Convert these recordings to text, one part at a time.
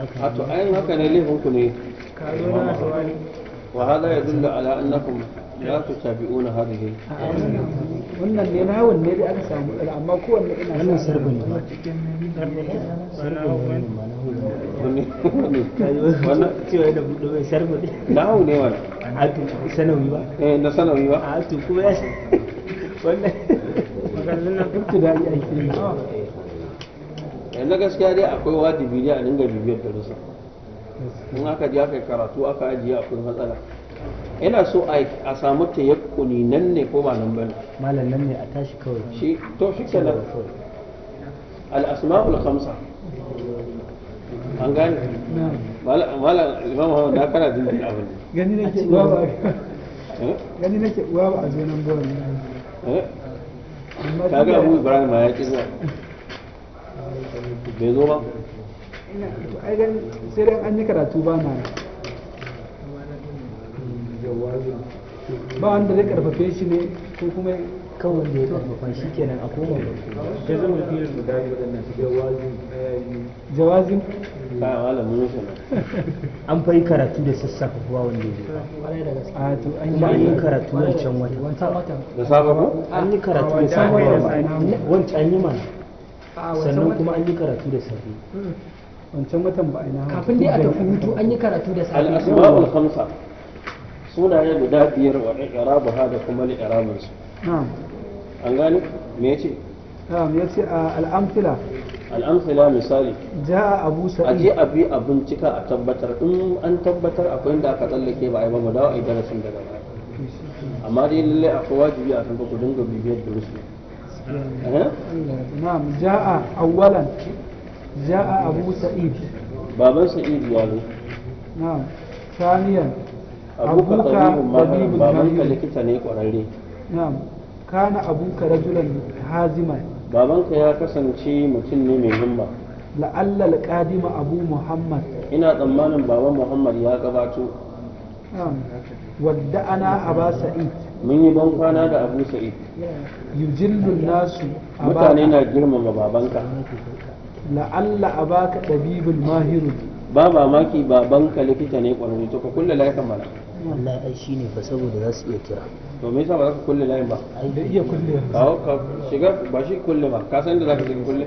a to ayin haka ne laifin ku ne wa hada ya dulla ala annakum la tutabi'una hadhihi wannan ne na wanne da aka samu amma kowanne ina wannan sarbi ne wannan cewa da buɗe mai sarbi ne na ne wannan a to sanawi ba eh na sanawi ba a to kuma ya wannan magallin na gaskiya dai akwai wajibi ne a dinga bibiyar darussa in aka ji aka karatu aka ajiye akwai matsala ina so a samu ta kuni nan ne ko ba nan ba ne malam nan ne a tashi kawai shi to shi ke nan asmaul khamsa an gane malam imam hawa na kana jin abin gani nake uwa ba eh? gani nake uwa ba a zo nan gurin eh? kaga abu ibrahim ya ƙi zuwa bai zo ba sai dai an yi karatu ba na ba wanda zai karfafe shi ne ko kuma kawai ne karfafa shi kenan a koma ba ke zama filin guda biyu waɗannan jawazi jawazin ba a wala mun an fai karatu da sassafa kuwa wanda ya a to an yi karatu wancan wata wata da safe ba an yi karatu da wata wancan yi mana Ah, sannan kuma an yi karatu da safe hmm. wancan watan ba aina kafin dai a tafi hutu an yi karatu da safe al-asma'ul khamsa sunaye guda biyar wa i'rabu hada kuma li i'rabin su an gane me yace na'am yace al-amthila al-amthila misali jaa abu sa'id aje abi abun cika a tabbatar in an tabbatar akwai inda aka tsallake ba ai ba mu dawo ai darasin daga baya amma dai lalle akwai wajibi a kan ku dinga bibiyar da musulmi نعم جاء awwalan جاء abu سعيد بابا سعيد ya zo na'am ثانيا أبوك طبيب بابا لكتا نيكو رأيلي نعم كان أبوك رجلا هازما بابا يا كسن شي متن من همة لعل القادم أبو محمد إنا ضمانا بابا محمد يا كباتو نعم wadda ana ba sa'id mun yi ban kwana da abu sa'id yujillu nasu mutane na girmama babanka la'alla abaka tabibul mahiru ba maki babanka likita ne kwararre to ka kulle layi kan mana wallahi ai shine fa saboda za su iya kira to me yasa ba za ka kulle layin ba da iya kulle ka shiga ba shi kulle ba ka san da za ka shiga kulle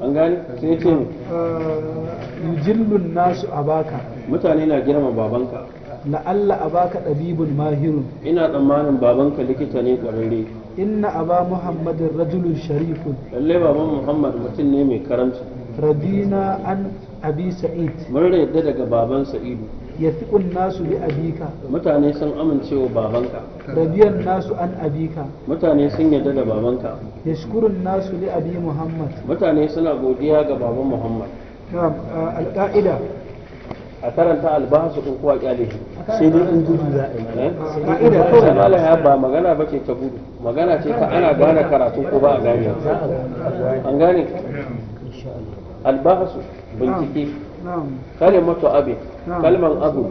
an gane sai ce mu uh, yujillu nasu abaka mutane na girmama babanka Allah a baka ɗabibun mahirun ina tsammanin babanka likita ne ƙwararre inna aba muhammadin rajulun sharifun lallai baban muhammad mutum ne mai karamci radina an abi sa'id mun yadda daga baban sa'idu ya fiƙun nasu bi abika mutane sun amincewa babanka rabiyan nasu an abika mutane sun yadda da babanka ya nasu li abi muhammad mutane suna godiya ga baban muhammad alƙa'ida a karanta albasu in kuwa kyale sai dai in gudu za a yi ina malam ya ba magana ba ce ta gudu magana ce ta ana gane karatu ko ba a gane an gane albasu bincike kalimatu abin kalman abu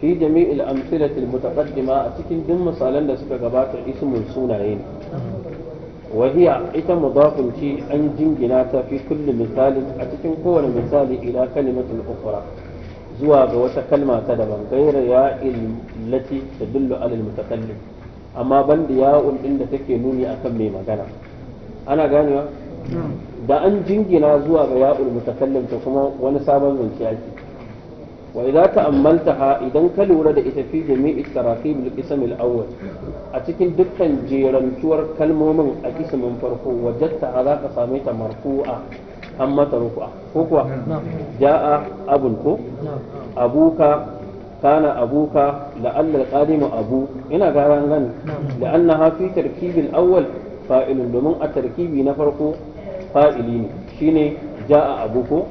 في جميع الأمثلة المتقدمة أتكن دم مثالا لسك قبات اسم سنين وهي إتا مضاف شيء أن جنجناتا في كل مثال أتكن كون مثال إلى كلمة أخرى zuwa ga wata kalma ta daban gairar ya illati da dullu alil mutakallim amma banda ya'un din da take nuni akan mai magana ana ganewa da an jingina zuwa ga ya'ul mutakallim ta kuma wani sabon zance ake wa idza ha idan ka lura da ita fi jami'i taraqib al-qism al-awwal a cikin dukkan jerantuwar kalmomin a kismin farko wajatta za ka same ta marfu'a an masa ruku'a ko kuwa ja'a abun ko abuka kana abuka da al-qadimu abu ina ga ran gani la'anna ha fi tarkibil awwal fa'ilun domin a tarkibi na farko fa'ili ne shine ja'a abuko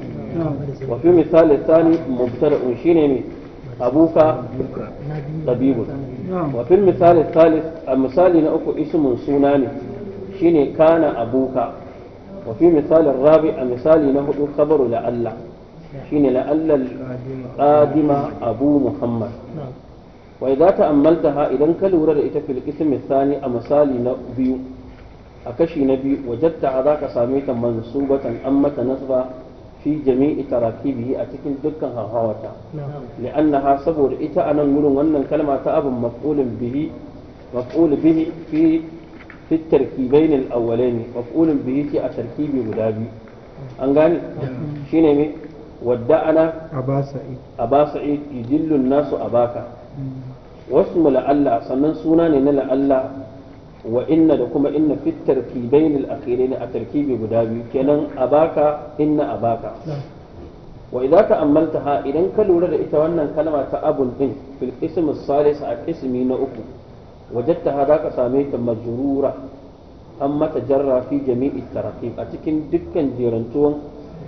wa fi misali tsani mubtada'un shine ne abuka tabibun wa fi misali thalith a misali na uku ismun suna ne shine kana abuka وفي مثال الرابع مثال نهد خبر لعل شين لعل القادم أبو محمد وإذا تأملتها إذا كالورة إذا في القسم الثاني أمثال نبي أكشي نبي وجدت عذاك ساميتا منصوبة أمة نصبة في جميع تراكيبه أتكن دكا هواتا لأنها صبر إتا أنا نقول أن الكلمة أب مفعول به مفعول به في في التركيبين الأولين مفعول به التركيب مدابي an gane shi ne mai wadda ana aba sa'id idillun nasu abaka wasu mu la'alla sannan suna ne na la'alla wa inna da kuma inna fit tarkibain al akhirin a tarkibi guda biyu kenan abaka inna abaka wai wa idza ha idan ka lura da ita wannan kalma ta abun din fil ism salis a ismi na uku وجدتها ذاك ساميت مجرورة أما تجرى an جميع التراكيب أتكن دكا جيرنتون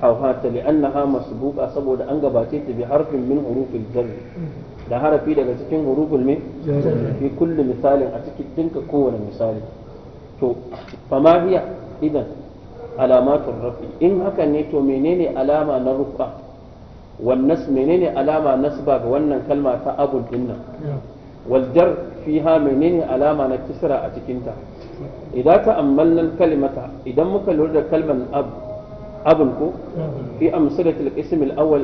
أو هات لأنها مسبوقة سبود أنقباتيت بحرف min hurufin jarri da harafi daga cikin hurufin min fi kulli misalin a cikin dinka kowane misali to fama idan alamatun rafi in haka ne to menene alama na rufa wannan menene alama nasba ga wannan kalma ta abun dinnan والجر فيها منين علامة نكسرة أتكنتا إذا تأملنا الكلمة إذا مكلمة كلمة أب أبنكو في أمثلة الاسم الأول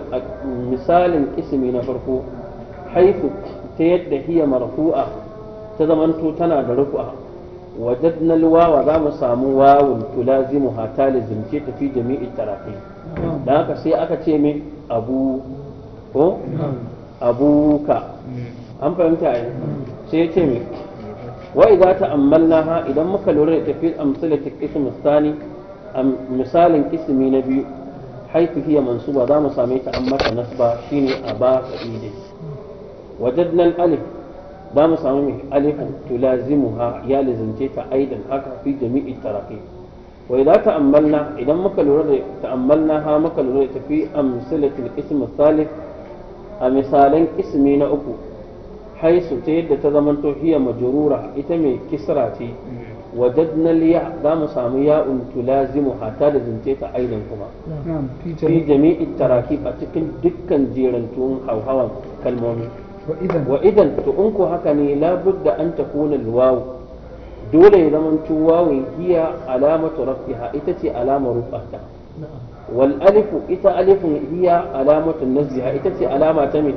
مثال اسم نفركو حيث تيد هي مرفوعة تضمنت تنا درفعة وجدنا الواو دام سامو واو تلازمها تالزم في جميع التراقيم ذاك سي أكتيمي أبو أبوك an fahimta ai sai ce me wa idza ha idan muka lura da tafsir amsalati ism tsani misalin ismi na biyu haitu hiya ba za mu same ta an mata nasba shine aba qaidi wajen nan alif ba mu samu mai alifan ha ya lazimce ta aidan haka fi jami'i taraqi wa idza ta'ammalna idan muka lura da ta ta'ammalna ha muka lura da tafi amsalatil ism thalith a misalin ismi na uku حيث تيد تضمنتو هي مجرورة إتمي كسراتي وددنا الياء دا مسامياء تلازم حتى لزنتيت أيضا كما نعم. نعم. في جميع التراكيب أتكن دكا جيرا تون أو هوا كالمؤمن وإذا وإذا تؤنكو هكني لابد أن تكون الواو دولة إذا من تواوي هي علامة رفعها إتتي علامة رفعها نعم. wal alifu ita alifun hiya alamatu nazziha ita ce alama ta me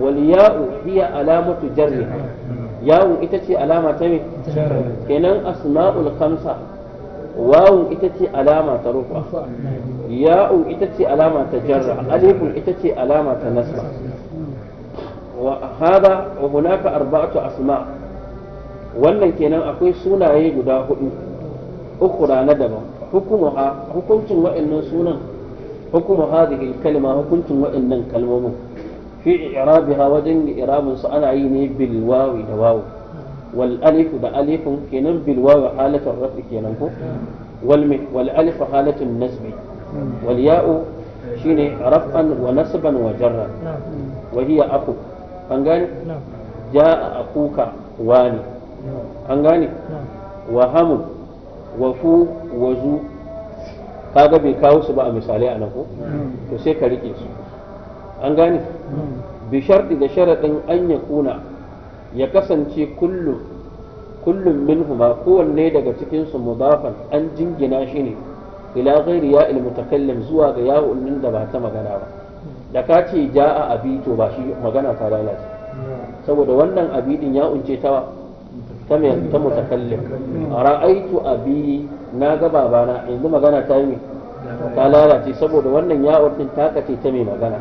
wal ya'u hiya alamatu jarriha ya'u ita ce alama ta kenan asma'ul khamsa wawun ita ce alama ta rufa ya'u ita ce alama ta jarra ita ce alama ta nasba wa asma' wannan kenan akwai sunaye guda hudu uku na daban hukumuha hukuncin wa'annan sunan hukumu hadhihi kalma hukuncin wa'annan kalmomin fi i'rabiha wajen i'rabin su ana yi ne bil wawi da wawu wal alif da alifun kenan bil wawi halatul rafi kenan ko wal mi wal alif halatul nasbi wal ya'u shine raf'an wa nasban wa jarra wa hiya aku an gane ja'a akuka wani an gane wa hamu wafu wazu kaga bai kawo su ba a misalai a hmm. to sai ka rike su an gane hmm. bi sharɗi da sharaɗin an ya kuna ya kasance kullum kullum minhuma kowanne daga cikin su mudafan an jingina shi ne ila ghairi ya il mutakallim zuwa ga yawon nan da ba ta magana ba da ka ce ja'a abi to ba shi magana ta lalace hmm. saboda wannan abi din ya unce ta ta mutakallim ra'aitu abi na ga babana yanzu magana ta yi ta lalace saboda wannan ya'ur din ta kace ta mai magana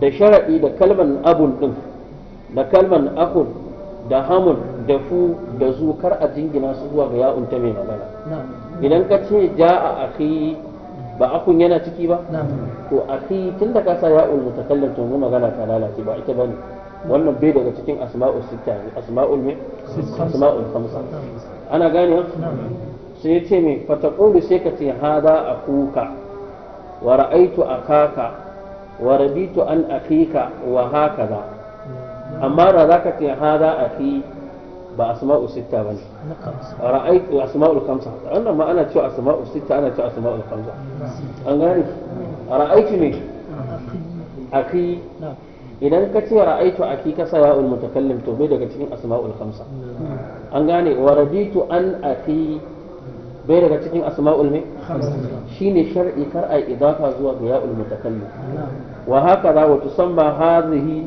da sharadi da kalman abun din da kalman akun da hamun da fu da zu kar a jingina su zuwa ga ya'un ta mai magana idan ka ce ja'a akhi ba akun yana ciki ba to akhi tunda ka sa ya'ul mutakallim to magana ta lalace ba ita bane wannan bai daga cikin asma'ul sita ne asma'ul me asma'ul khamsa ana gane sai ya ce me fataqulu sai ka ce hada akuka wa ra'aitu akaka wa rabitu an akika wa hakaza amma da zaka ce hada aki ba asma'ul sita bane ra'aitu asma'ul khamsa wannan ma ana cewa asma'ul sita ana cewa asma'ul khamsa an gane ra'aitu ne aki idan ka ce ra'aitu akika sawa'ul mutakallim to bai daga cikin asma'ul khamsa an gane wa raditu an aki bai daga cikin asma'ul mai shine shar'i kar ai idafa zuwa ga ya'ul mutakallim wa haka za wa tusamma hadhihi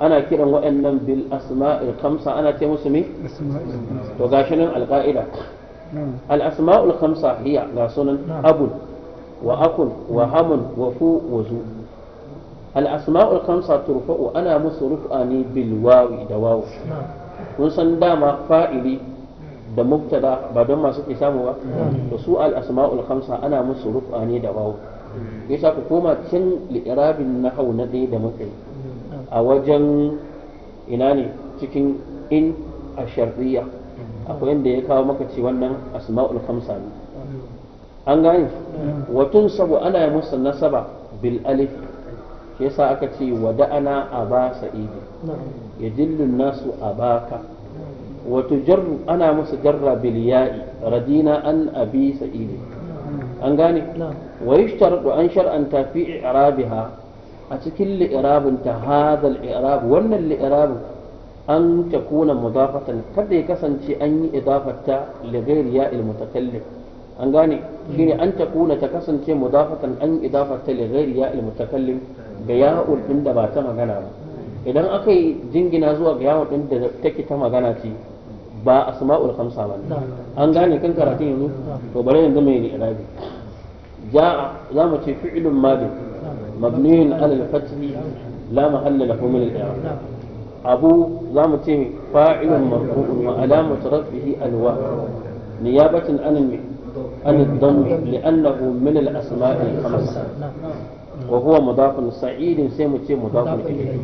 ana kiran waɗannan bil asma'ul khamsa ana ce musu me to gashi nan alqaida al asma'ul khamsa hiya ga sunan abun wa akun wa hamun wa fu wa zu الأسماء الخمسة ترفع bilwawi da بالواو kun san dama فائلي da mubtada ba don masu ke samu ba da su al-asma'ul ana musu rufa ne da wawu yasa ku koma cin li'irabin nahau na ɗaya da muka yi a wajen ina ne cikin in a akwai yadda ya kawo maka ce wannan asma'ul khamsa ne an gane watun sabu ana yi musu nasaba bil alif yasa aka ce ana a ba sa'idi ya dillun nasu a baka wato ana musu jarra biliya'i radina an abi sa'idi an gane wa yushtaradu an shar'anta fi i'rabiha a cikin li'irabin ta hadal i'rab wannan li'irabin an takuna mudafatan kada ya kasance an yi idafata li ghairi ya'il mutakallim an gane shi ne an takuna ta kasance mudafatan an idafata li ghairi ya al mutakallim da ya'ul din da ba ta magana ba idan aka yi jingina zuwa ga ya'ul din da take ta magana ce ba asma'ul khamsa ba an gane kan karatun yanzu to bari yanzu mai irabi za mu ce fi'lun madi mabniun ala al-fath la mahalla lahu min al-i'rab abu mu ce fa'ilun marfu'un wa alamatu rafihi al-wa niyabatan an al عن الضم لأنه من الأسماء الخمسة وهو مضاف سعيد سيمتي مضاف إليه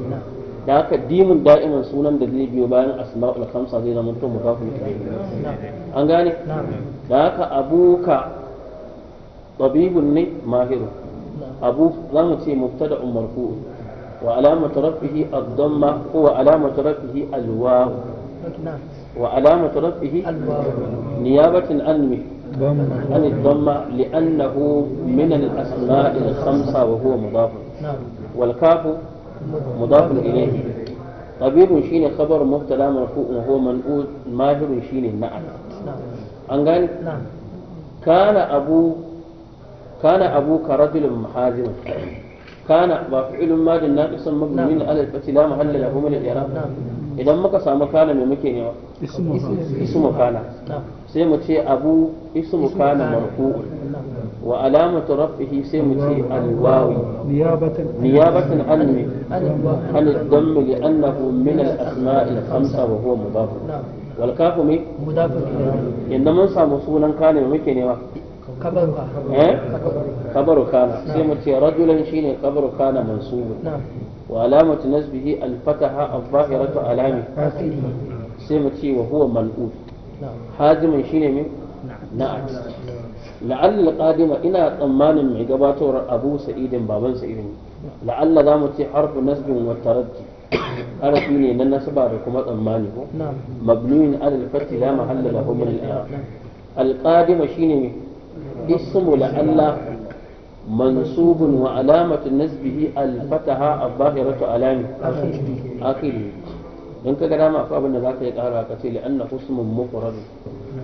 da haka dimin da'iman sunan da zai biyo bayan asma'ul khamsa zai zama to mudafun ilayhi an gane da haka abuka tabibun ne mahiru abu mu ce mubtada marfu wa alamatu rafihi ad-damma ko wa wa الضمة لأنه من الأسماء الخمسة وهو مضاف نعم. والكاف مضاف إليه طبيب شين خبر مبتلى مرفوع وهو منقول ماهر شين النعم أن نعم. نعم. كان أبو كان أبوك رجل محاذر kana ba fi'ilun madin na kusan mabni na alal fati la mahalla lahu min idan muka samu kana me muke nema ismu kana sai mu ce abu ismu kana marfu wa alamatu rafihi sai mu ce alwawi niyabatan an me an dammi li annahu min al-asma'i al-khamsa wa huwa mun samu sunan kana me muke nema kabaru kana eh? sai mu ce rajulan shine kabaru kana mansubu wa alamatu nasbihi al-fataha al-zahiratu alami sai mu ce wa huwa mal'ud hajimin shine me na'at la'alla qadima ina tsammanin mai gabatarwar abu sa'idin baban sa'idin la'alla za mu ce harfu nasbin wa taraddi harafi ne na nasaba da kuma tsammani ko mabniyin alal fati la mahalla lahu min al-qadima shine me اسم لألا منصوب وعلامة نسبه الفتحة الظاهرة علامة آخره in ka ga dama akwai abin da yi ƙara ka ce li'anna husmun mufrad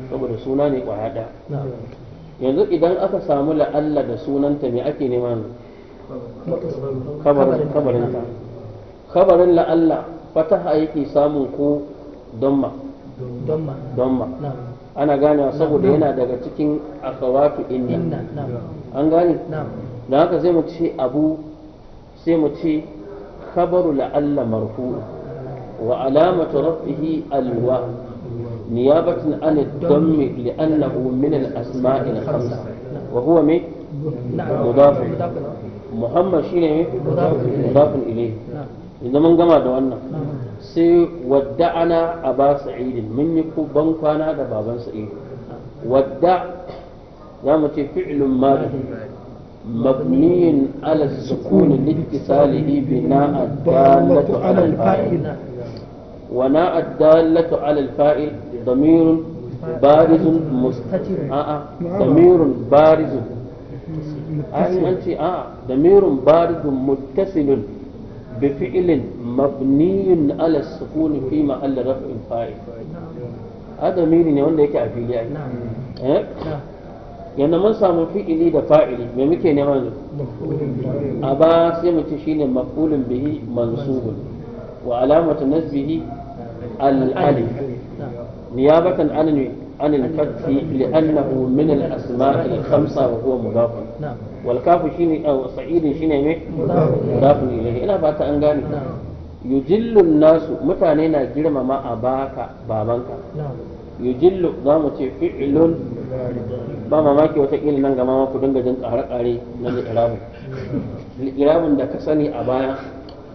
saboda suna ne kwa hada yanzu idan aka samu la'alla da sunanta me ake nema ne kabarin fataha yake samun ko donma ana ganewa saboda yana daga cikin akawatu inna an gane da haka sai mu ce abu sai mu ce khabaru la'alla marfu wa alamatu rafihi alwa niyabatin an ad-dammi li'annahu min al-asma'i khamsa wa huwa mai mudafu muhammad shine mudaf ilayhi yanzu mun gama da wannan sai wadda ana a ba sa'idin mun yi ban kwana da baban sa'idin wadda za mu ce fi'ilun mada mabniyin ala sukuni littisali ibi na addalatu ala alfa'il wa na addalatu ala alfa'il damirun barizun mustatir a'a damirun barizun a'a damirun بفعل مبني على السكون في محل رفع فاعل هذا مين ne wanda yake a fili ai yana mun samu fi'ili da fa'ili me muke nema yanzu a ba sai mu ce shine maf'ulun bihi mansubun wa alamatu nasbihi al alif niyabatan an ne عن الفتح لأنه من الأسماء الخمسة وهو مضاف نعم والكاف شيني أو صعيد شيني مضاف إليه إلى بات أنغاني نعم يجل الناس متانينا جرم ما أباك بابنك نعم يجل ضامة فعل ba mamaki watakila nan gama ma ku dinga jin ƙare-ƙare na liƙirabin liƙirabin da ka sani a baya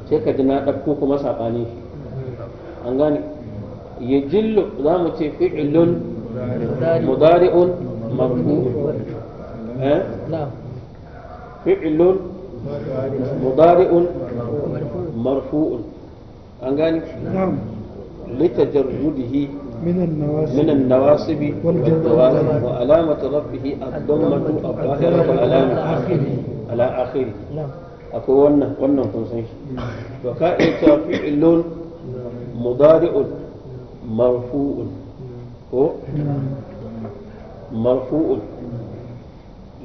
sai ka ji na ɗauko saɓani an gane ya jillo za mu ce fi'ilun مضارع مرفوع ها نعم. فعل مضارع مرفوع an نعم لتجرده من النواصب من النواصب والجوارب وعلامة ربه الضمة الظاهرة على على آخره نعم أكو ون ون كنسان وكائن فعل مضارع مرفوع هو مرفوع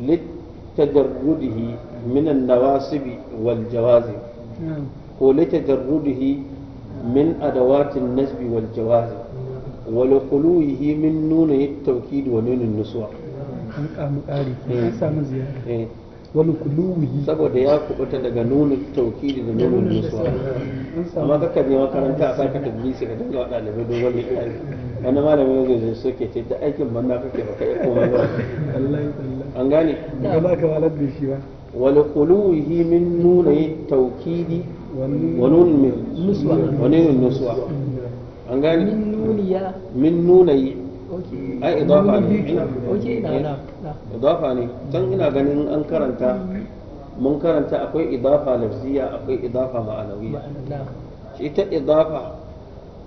لتجرده من النواسب والجوازم نعم. ولتجرده من أدوات النسب والجوازم ولخلوه من نون التوكيد ونون النسوة نعم. wani kuluwi saboda ya kubuta daga nunin tauki da nunin nutsuwa amma kaka je makaranta a saka tabbisi ka dinga wada da don wani aiki wani malamin zai soke ce da aikin banna kake baka yi komai ba an gane ba ka walar da shi ba wani kuluwi min nuna tauki tauhidi wani Nuswa. nutsuwa an gane min nuniya min yi. ai idafa ne idafa ne don ina ganin an karanta mun karanta akwai idafa lafziya akwai idafa ma'anawiya shi ta idafa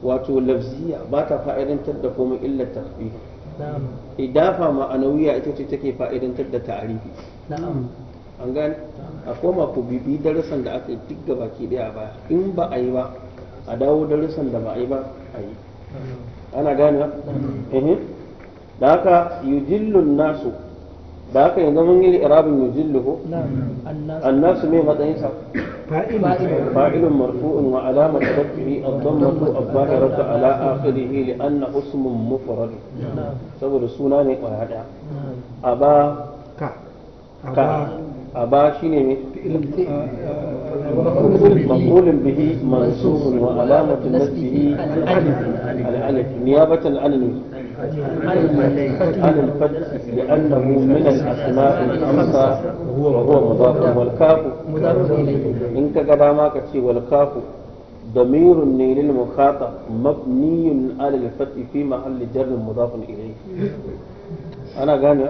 wato lafziya ba ta fa'idantar da komai illar tafi idafa ma'anawiya ita ce take fa'idantar da ta'arifi an gane a koma ku bibi darussan da aka duk ga baki daya ba in ba a yi ba a dawo darussan da ba a yi ba a yi ana gane da haka yujillun nasu باقي يعني من قال إعراب يجله نعم الناس الناس مين غدا ينسى فاعل مرفوع وعلامة رفعه الضمة الظاهرة على آخره لأنه اسم مفرد نعم نعم رسولاني وهذا نعم نعم كا كا أبا شيني مقول به منصوب وعلامة نفسه الألف نيابة عن الألف عن القدس لأنه من الأسماء الخمسة وهو مضاف والكاف إن كدامك والكاف ضمير النيل المخاطب مبني على الفتح في محل جر مضاف إليه أنا غانا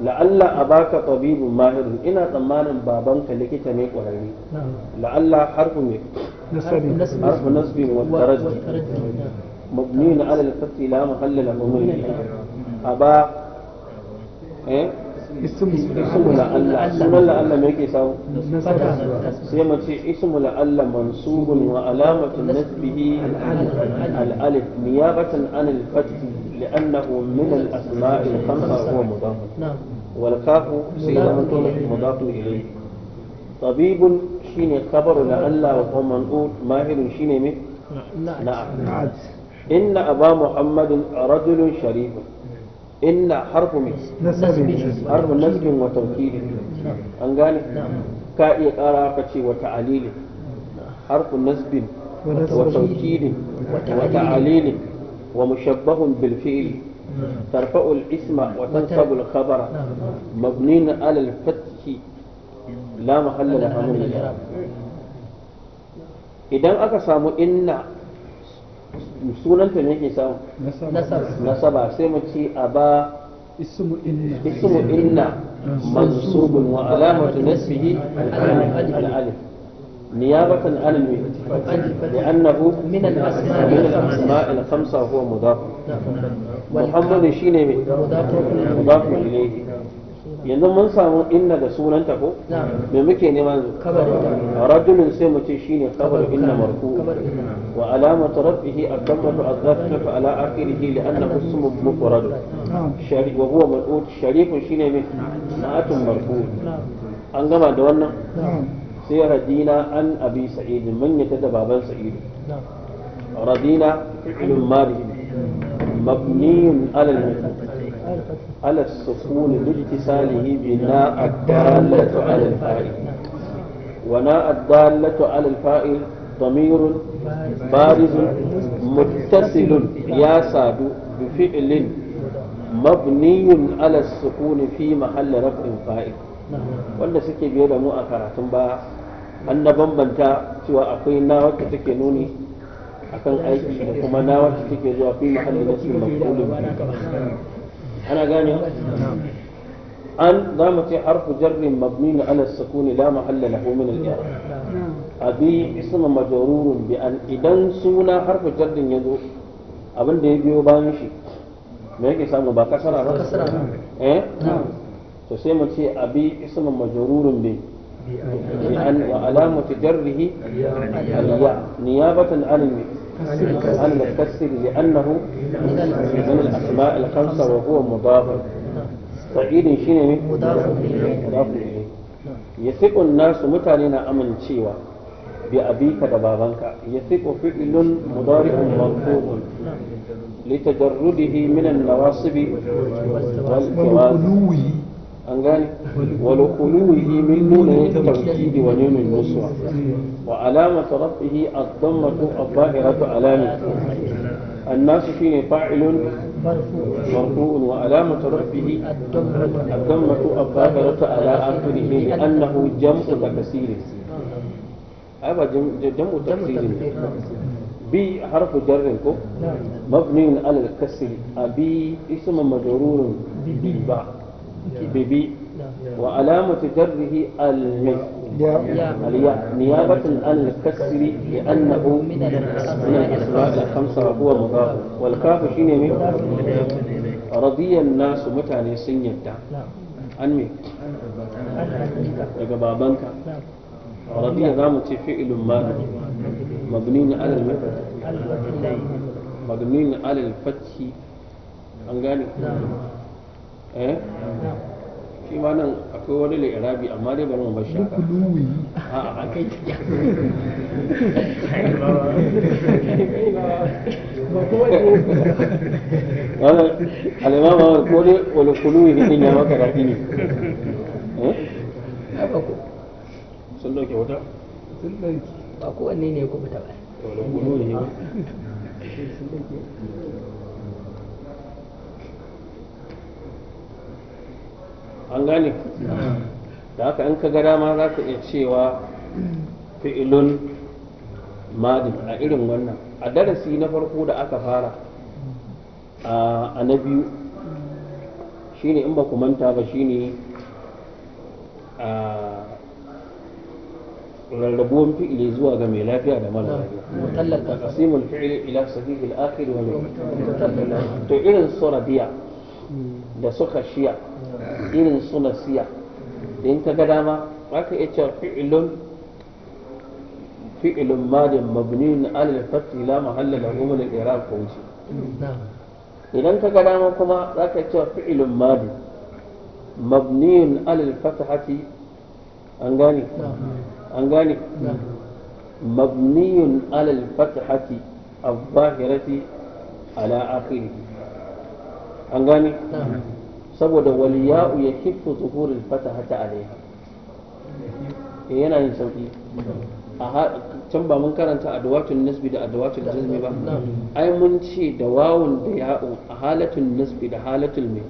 لعل أباك طبيب ماهر إن تمانا بابنك لكي تنيك ولاني لعل حرف نصبي حرف نصبي والترجي مبنين على الفتح لا محل له من أبا إيه اسم لعل اسم لعل ما يكي ساو سيما اسم لعل منصوب وعلامة نسبه الألف نيابة عن الفتح لأنه من الأسماء الخمسة هو مضاف والكاف سيما مضاف إليه طبيب شيني خبر لعل وهو منقول ماهر شيني نعم نعم إن أبا محمد رجل شريف إن حرف من حرف نسب وتوكيد أن قال كائي أراقتي وتعليل حرف نسب وتوكيد وتعليل ومشبه بالفعل ترفع الاسم وتنصب الخبر نعم. مبني على الفتح لا محل لها من الإعراب إذا أقسم إن sunanta ne ke samu nasaba sai mu ce a ba ismu inna mansubun wa alamatu nasbihi al-alif نيابة عن الميم لأنه من الأسماء من الأسماء الخمسة هو مضاف محمد شيني مضاف إليه yanzu mun samu inna da sunanta ko me muke neman rajulun sai mu ce shine kabar inna marfu wa alamatu rabbihi ad-dammatu az-zakatu ala akhirih li'annahu ismun mufrad shari wa huwa mal'ut sharifun shine me na'atun marfu an gama da wannan sai radina an abi sa'id mun yata da baban sa'id radina fi'lun madi mabniyun ala al-mithl على السكون لاتصاله بناء الدالة على الفاعل وناء الدالة على الفاعل ضمير بارز متصل يا ساد بفعل مبني على السكون في محل رفع فاعل wanda suke biye da mu a karatun baya an na bambanta cewa akwai na wacce take nuni akan aiki da kuma na wacce take zuwa fi mahallin nasu mafulun ana gane an za mu ce harfu jarrin mabni ala sukuni la mahalla lahu min al-i'rab abi ismu majrurun bi an idan suna harfu jarrin yazo abin da ya biyo bayan shi me yake samu ba kasara ba eh to sai mu ce abi ismu majrurun bi bi an wa alamatu jarrihi al-ya niyabatan an al أن الكسر لأنه من الأسماء الخمسة وهو مضاف صعيد شنو مضاف إليه يثق الناس متانين أمن شيوا بأبيك دبابانك يثق فعل مضارع مرفوع لتجرده من النواصب والكواز an gani wani kunuwi yi min nuna ya da wani mai nusuwa wa alama ta rabbi a zammatu a fa'ira ta alami an nasu shi ne fa'ilun marfu'un wa alama ta rabbi a zammatu a fa'ira ta alami ne ne an na hu jam'u da kasiri ai ba jam'u da kasiri ne bi harfu jarrin ko mabnin alal kasri abi isma majrurun bi ba ببي وعلامة جره الياء نيابة عن الكسر لأنه من الأسماء الخمسة وهو مضاف والكاف شين يمين رضي الناس متى سن يدع عن مين daga babanka رضي za mu ما مبنين على المفتح مبنين على الفتح أنقاني an نعم. eh shi ma nan akwai wani lirabi amma dai bari mu bar shaka kuluwi a kai A'a alimama ko dai wani kuluwi din ya maka rafi ne eh? sun dauke wuta sun dauke ba kowanne ne ya kubuta ba wani kuluwi ne an gane da haka in ka ga dama za ka iya cewa fi'ilun madin a irin wannan a darasi na farko da aka fara a na biyu shine in ba ku manta ba shine a rarrabuwan fi'ili zuwa ga mai lafiya da mara lafiya taqsimul fi'li ila sahihi al-akhir wa to irin su rabiya da suka shiya irin suna siya. in ka ga dama aka iya cewa fi'ilun fi'ilun madin mabniyun alal fathi la mahalla da min al ko wuce idan ka ga dama kuma za ka cewa fi'ilun madin mabniyun alal fathati an gane an gane mabniyun alal fathati الظاهرة ala آخره an gane saboda waliya'u ya kifu zuhurin fata hata alaiha eh, yana yin sauki a can ba mun karanta adawatun nisbi da adawatun jizmi ba ai mun ce da wawun da ya'un a halatun nisbi da halatun mai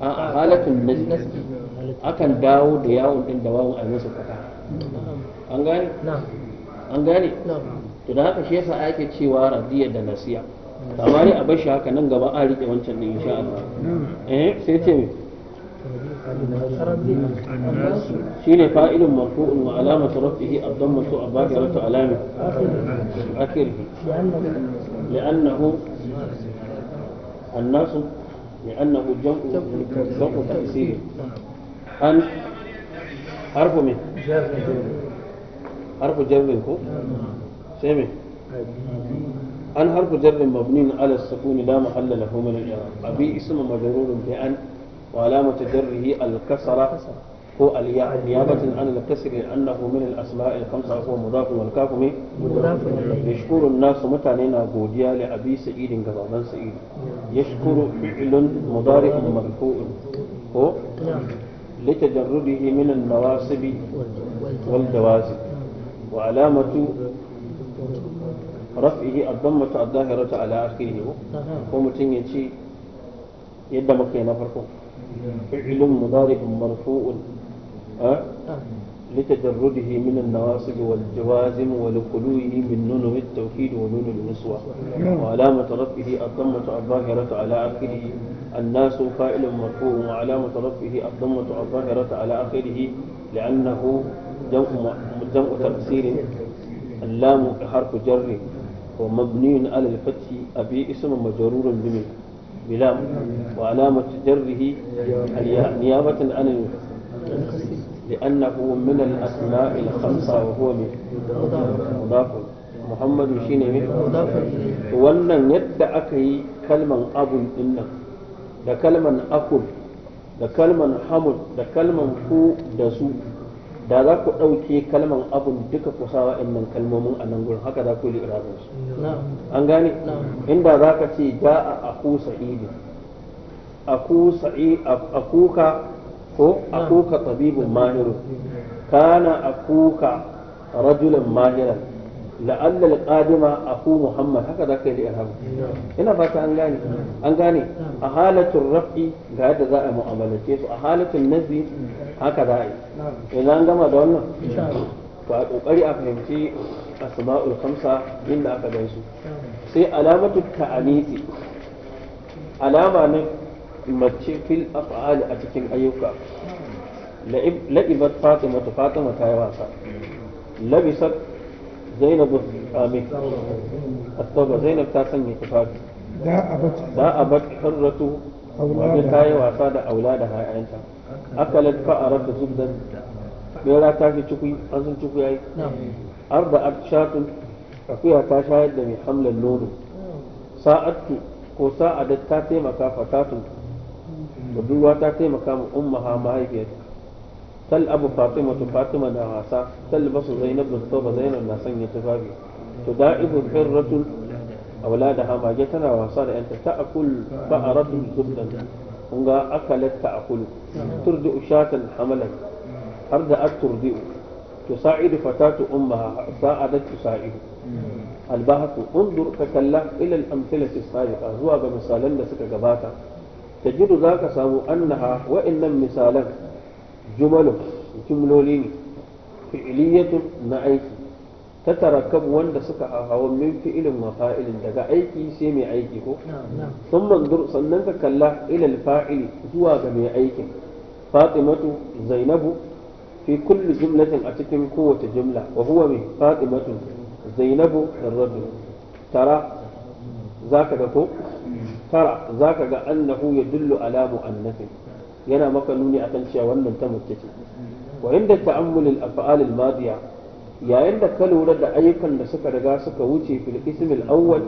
a halatun nisbi akan dawo da yawon din da wawon a yi fata an gane an gani to da haka shi yasa ake cewa radiyar da nasiya amma dai a bar shi haka nan gaba an riƙe wancan ne insha Allah eh sai ce shi ne fa'ilun marfu'un wa alamatu rafihi ad-dammatu abakiratu alami akhirih li'annahu الناس لأنه جمع جمع تأثير أن حرف من حرف جر Sai سمي أن حرف جر مبني على السكون لا محل له من الإعراب أبي اسم مجرور بأن وعلامة جره الكسرة هو الياء نيابة عن الكسر لأنه من الأسماء الخمسة هو مضاف والكاف مضاف يشكر الناس متانين غوديا لأبي سعيد كبابا سعيد يشكر فعل مضارع مرفوع هو لتجرده من النواصب والجوازب وعلامة رفعه الضمة الظاهرة على آخره ومتن يتي يد مكينا فرقه فعل مضارع مرفوع أه؟ لتجرده من النواصب والجوازم ولخلوه من نون التوحيد ونون النسوة وعلامة رفعه الضمة الظاهرة على آخره الناس فاعل مرفوع وعلامة رفعه الضمة الظاهرة على آخره لأنه جمع تفسير اللام حرف جر ومبني على الفتح أبي اسم مجرور بمن بلام وعلامة جره نيابة عن لأنه من الأسماء الخمسة وهو من مضاف محمد شين من wannan yadda aka yi kalman abun dinnan da kalman akul da kalman da za ku ɗauke kalman abun duka ku sa wa'annan kalmomin a nan gurin haka za ku yi irabin su an gane inda za ka ce ja a aku sa'idu aku akuka ko akuka tabibun mahiru kana akuka rajulan mahiran la'alla al-qadima aku muhammad haka za ka yi irhamu ina fata an gane an gane a halatul raf'i ga yadda za a mu'amalace su a halatul nazi haka za a yi an gama da wannan to a kokari a fahimci asma'ul kamsa inda aka gan su sai alamatu ta'anisi alama na mace fil af'ali a cikin ayyuka la'ibat fatima ta fatima ta yi wasa labisat zainabu amin astaghfir zainab ta sanya tufafi da abat da abat hurratu wajen ta yi wasa da aula da hayanta akalat fa'arar da zubdan bera ta fi cikui an sun ciku yayi arba'at shatun akuya ta shayar da mai hamlan nono sa'atu ko sa'adat ta taimaka fatatun budurwa ta taimaka ma ummaha mahaifiyarta تل ابو فاطمه تو فاطمه نواسا تل بس زينب تو بزين ان سن يتفاجي تو دائب حره اولادها ما جت نواسا ان تاكل بقره زبدا ونغا اكلت تاكل ترد اشاة حملا ارد اترد تساعد فتاة امها ساعدت تساعد الباهت انظر فكلا الى الامثلة السابقة هو بمثالا لسك جباتا تجد ذاك سامو انها وان لم مثالا jumalu jumloli ne fi'iliyatun na aiki ta tarakab wanda suka hawan min fi'ilin wa fa'ilin daga aiki sai mai aiki ko sun mandur sannan ka kalla ilal fa'ili zuwa ga mai aikin fatimatu zainabu fi kulli jumlatin a cikin kowace jumla wa huwa mai fatimatu zainabu darradu tara zaka ga ko ya zaka ga annahu yadullu ala mu'annafin yana maka nuni akan cewa wannan ta mace ce wa inda ta'ammulil af'al al madiya yayin da ka lura da ayyukan da suka riga suka wuce fil ism al awwal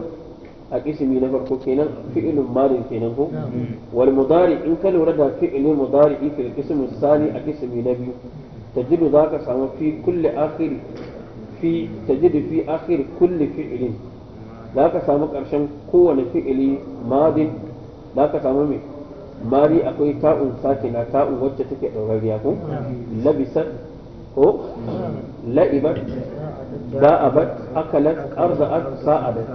a ismi na farko kenan fi'ilun madin kenan ko wal mudari in ka lura da fi'ilin mudari fil ism al sani a ismi na biyu tajidu zaka samu fi kulli akhir fi tajidu fi akhir kulli fi'ilin zaka samu karshen kowane fi'ili madin zaka samu mai mari akwai ta'un sakina ta'un wacce take ɗaurariya ko labisan ko la’ibar da'abar akalat arza'at sa'adat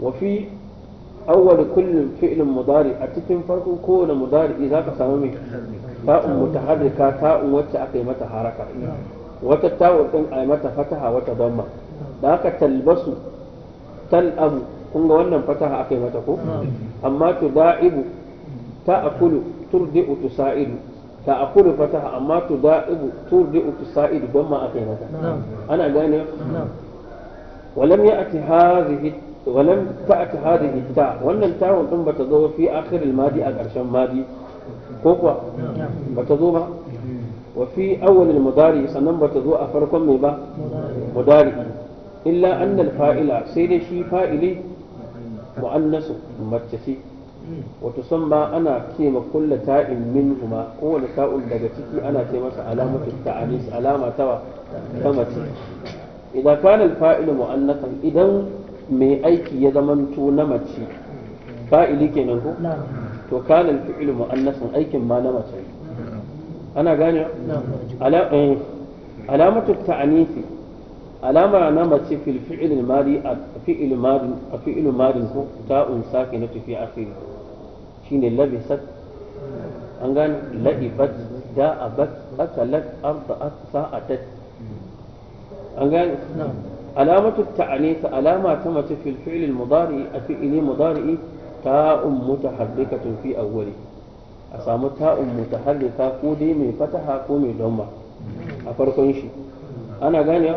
wa fi awwal kullum fi'lin mudari a cikin farko kowane mudari za ka samu mai ta'un mutaharrika ta'un wacce aka yi mata haraka wata ta'un din a mata fataha wata damma da aka talbasu tal'abu kun ga wannan fataha aka yi mata ko amma tu da'ibu ta'akulu turdi'u tusa'idu ta'akulu fataha amma tudaibu turdi'u tusa'idu gwamma akai mata ana gane ولم يأتي هذه ولم تأت هذه التاء وأن التاء وأن بتزور في آخر الماضي أقرشان ماضي كوكوا بتزور وفي أول المضارع سنن بتزور أفركم مبا مضارع إلا أن الفائلة سيد شي فائلي مؤنث متسي wato san ma ana ce ma kulla ta'in min kuma kowane ta'un daga ciki ana ce masa ta ta'anis alama tawa ta mace idan kana alfa'ilu mu'annakan idan mai aiki ya zamanto na mace fa'ili kenan ko to kana alfi'lu mu'annasan aikin ma na mace ana gane eh, alamatu ta'anisi alama na mace fil fi'il madi a fi'il madi a fi'il madi ko ta'un sakinatu fi akhirih shine labisat an gane la'ibat da'abat akalat arda'at sa'atat an gane alamatu ta'anisa alama ta mace fil fi'l mudari a fi'li mudari ta ta'un mutaharrikatun fi awwali a samu ta'un mutaharrika ko dai mai fataha ko mai damma a farkon shi ana gane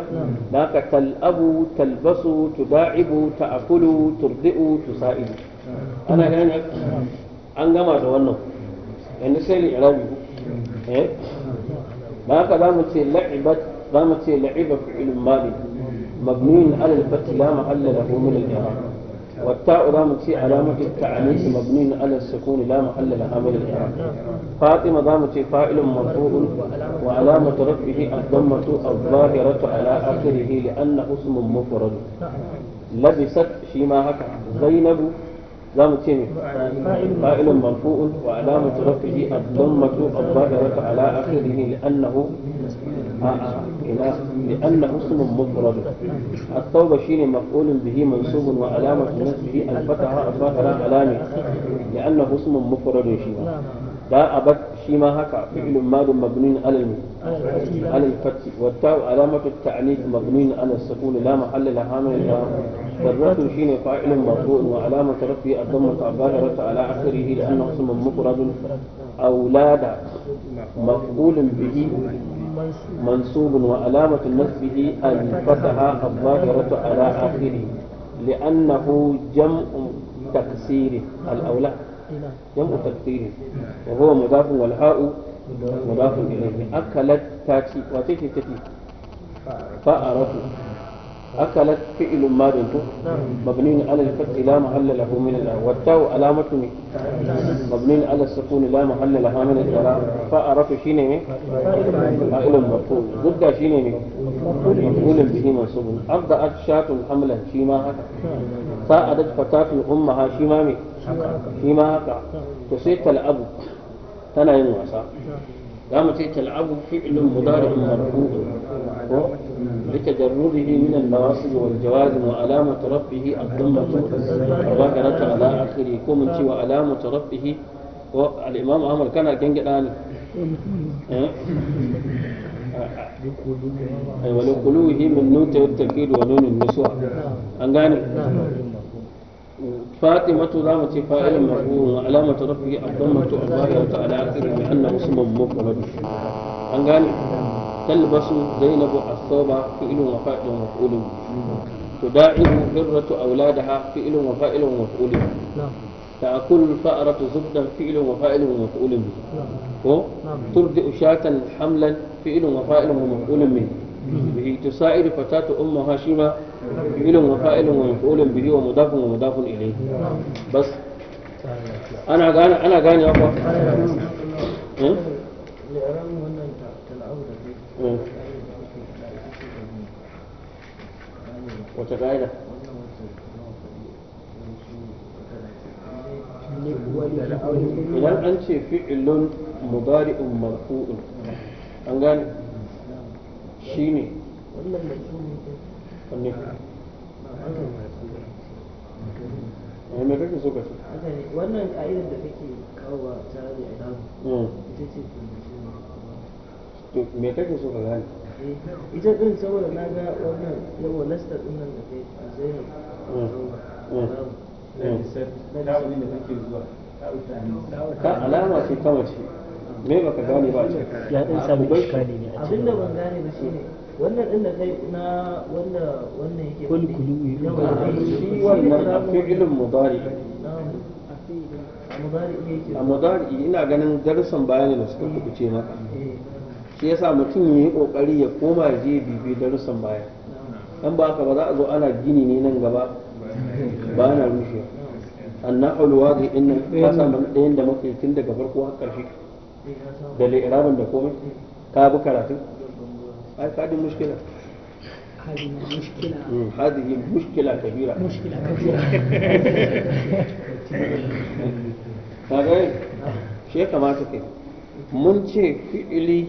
da ka tal'abu talbasu tuda'ibu ta'akulu turdi'u tusa'ibu ana gane an gama da wannan yanzu sai li'irabi eh da haka za mu ce la'ibat za mu ce la'iba ala al-fath la ma'alla lahu min al-i'rab والتاء لام تي علامة التعنيف مبنين على السكون لا محل لها من الإعراب فاطمة لام تي فاعل مرفوع وعلامة رفعه الضمة الظاهرة على آخره لأنه اسم مفرد لبست فيما زينب za mu ce fa'ilun manfu'un wa alamu turafihi a dammatu abbaɗa wata ala akirini li'annahu ina li'annahu sunan mutsuradu a tsauba shi ne maf'ulun bihi mansubun wa alamu turafihi alfata ha abbaɗa ala ne li'annahu sunan mutsuradu shi ba لا أبد شيما هكا فعل ماد مبني على على الفتح والتاء علامة التعنيد مبني على السكون لا محل لها من ذرة شين فاعل مرفوع وعلامة ربي الضمة الظاهرة على آخره لأنه اسم مفرد أولاد مفعول به منصوب وعلامة نصبه الفتحة الظاهرة على آخره لأنه جمع تكسير الأولاد جمع تكثير وهو مضاف والهاء مضاف إليه أكلت تاتي وتيتي تتي فأرت أكلت فعل ماض مبني على الفتح لا محل له من الله والتاء علامة مبني على السكون لا محل لها من الكلام فأرت شيني فاعل مرفوع ضد شيني مفعول به منصوب أبدأت شاة حملا شيما ساعدت فتاة أمها شيما فيما أقع تصيبك العبد تنا ينوصى لما تيت العبد فعل مضارع مرفوض لتجرده من النواصب والجوازم وألامة ربه الضمة وذكرة على آخره كوم وألامة ربه والإمام أمر كان الجنج الآن ولقلوه من نوت والتكيد ونون النسوة أنقاني فاطمة لامة فاعل مجهول وعلامة رفعه الضمة الظاهرة على آخره لأنه اسم مفرد أن قال تلبس زينب الثوب فعل وفاعل مفعول تداعب هرة أولادها فعل وفاعل مفعول نعم. تأكل الفأرة زبدا فعل وفاعل ومفعول به نعم. نعم. ترضئ شاة حملا فعل وفاعل ومفعول به به تسائر فتاة أمها شيما فعل وفائل ومفعول به ومضاف ومضاف إليه بس أنا غاني أنا غاني أبا وتقاعدة إذا أنت فعل مضارئ مرفوع أنغاني shi ne wannan kake so ka ce wannan ka'idar da kake kawo wa sarari da ita hmm. ce me kake so ka gane eh, ita din saboda na ga wannan yawon lasta din nan da kai a zainab na alama ce ta mace me ba ka gane ba ce ya dan samu iskali ne abinda ban gane ba shine wannan din da kai na wanda wannan yake kul kulu eh, shi wannan a fi'ilin mudari a mudari ina ganin darsan bayani da suka eh, kubuce maka eh. shi yasa mutum yi kokari ya koma ya je bibi darsan baya An ba haka ba za a zo ana gini ne nan gaba ba na rushe annahul wadi inna ya samu ɗayan da mafi tun daga farko har ƙarshe da da komai ka bi karatun ai kadi mushkila هذه مشكلة كبيرة مشكلة كبيرة mun ce fi'ili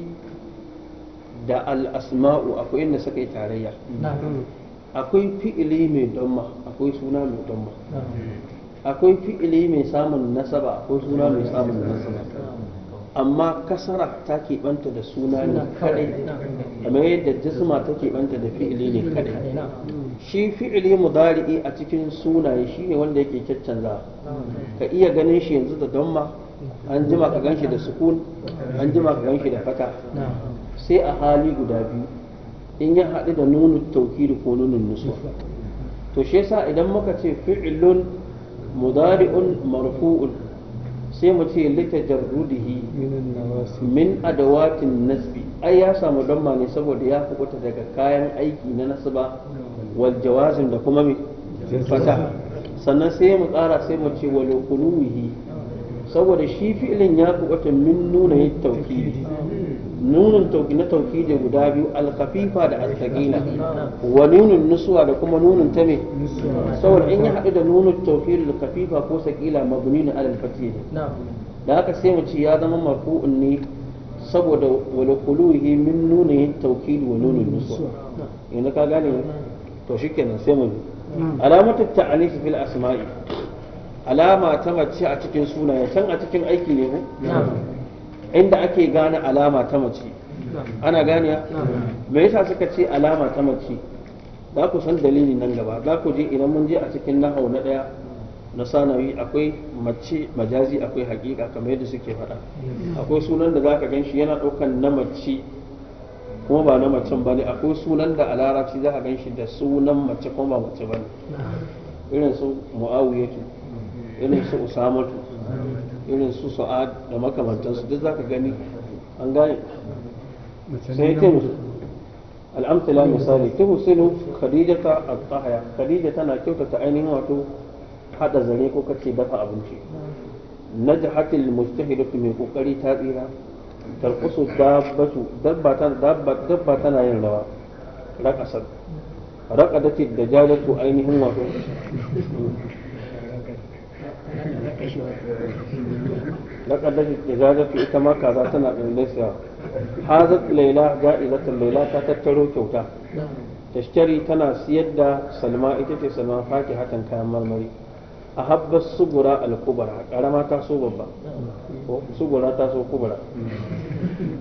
da al'asma'u akwai inda suka yi tarayya akwai fi'ili mai damma akwai suna mai damma akwai fi'ili mai samun nasaba akwai suna mai samun nasaba amma kasara ta keɓanta da suna ne kadai kamar yadda jisma ta banta da fi'ili ne kadai shi fi'ili mudari'i a cikin sunaye ne wanda yake caccanza ka iya ganin shi yanzu da damma an jima ka ganshi da sukun an jima ka ganshi da fata sai a hali guda biyu in ya haɗu da nunu taukiri ko nunun nusu to shi yasa idan muka ce fi'ilun mudari'un marfu'un sai mu ce lita jarrudihi min adawatin nasbi ai ya samu damma ne saboda ya kubuta daga kayan aiki na nasaba wal jawazin da kuma mai fata sannan sai mu kara sai mu ce wa saboda shi fi'ilin ya kubuta min nuna yi nunin na tauhidi guda biyu alkafifa da alkagina wa nunin nusuwa da kuma nunin ta me saboda in ya haɗu da nunin tauhidi alkafifa ko sakila mabni na alal ne da haka sai mu ya zama marfu'un ne saboda wala yi min nunin tauhidi wa nunin nusuwa yanzu ka gane to shikenan sai mu alamatu ta'anis fil asma'i alama ta mace a cikin sunaye can a cikin aiki ne ko inda ake gane alama ta mace ana gane me yasa suka ce alama ta mace za ku san dalili nan gaba za ku je idan mun je a cikin nahau na daya na sanawi akwai mace majazi akwai hakika kamar yadda suke faɗa akwai sunan da za ka gan yana ɗaukan na mace kuma ba na mace ba ne akwai sunan da a larabci za ka gan shi da sunan mace kuma ba mace ba ne irin su mu'awiyatu irin su usamatu irin su sa'ad da makamantansu duk zaka gani an gane sai ta musu al'amtala misali ta husinu khadijata al-tahaya khadija tana kyauta ta ainihin wato hada zare ko kace dafa abinci najhatil mujtahidatu mai kokari ta tsira tarkusu dabbatu dabba tana dabba dabba tana yin rawa raqasat raqadati dajalatu ainihin wato لقد لقيت إزازتي إتما كذا سنة ليسا حازت ليلى جائزة ليلى تتترو كوتا تشتري تنا سيدا سلمى إتتي سلمى فاكهة كان مرمري أحب الصغرى الكبرى على ما تاسو بابا صغرى تاسو كبرى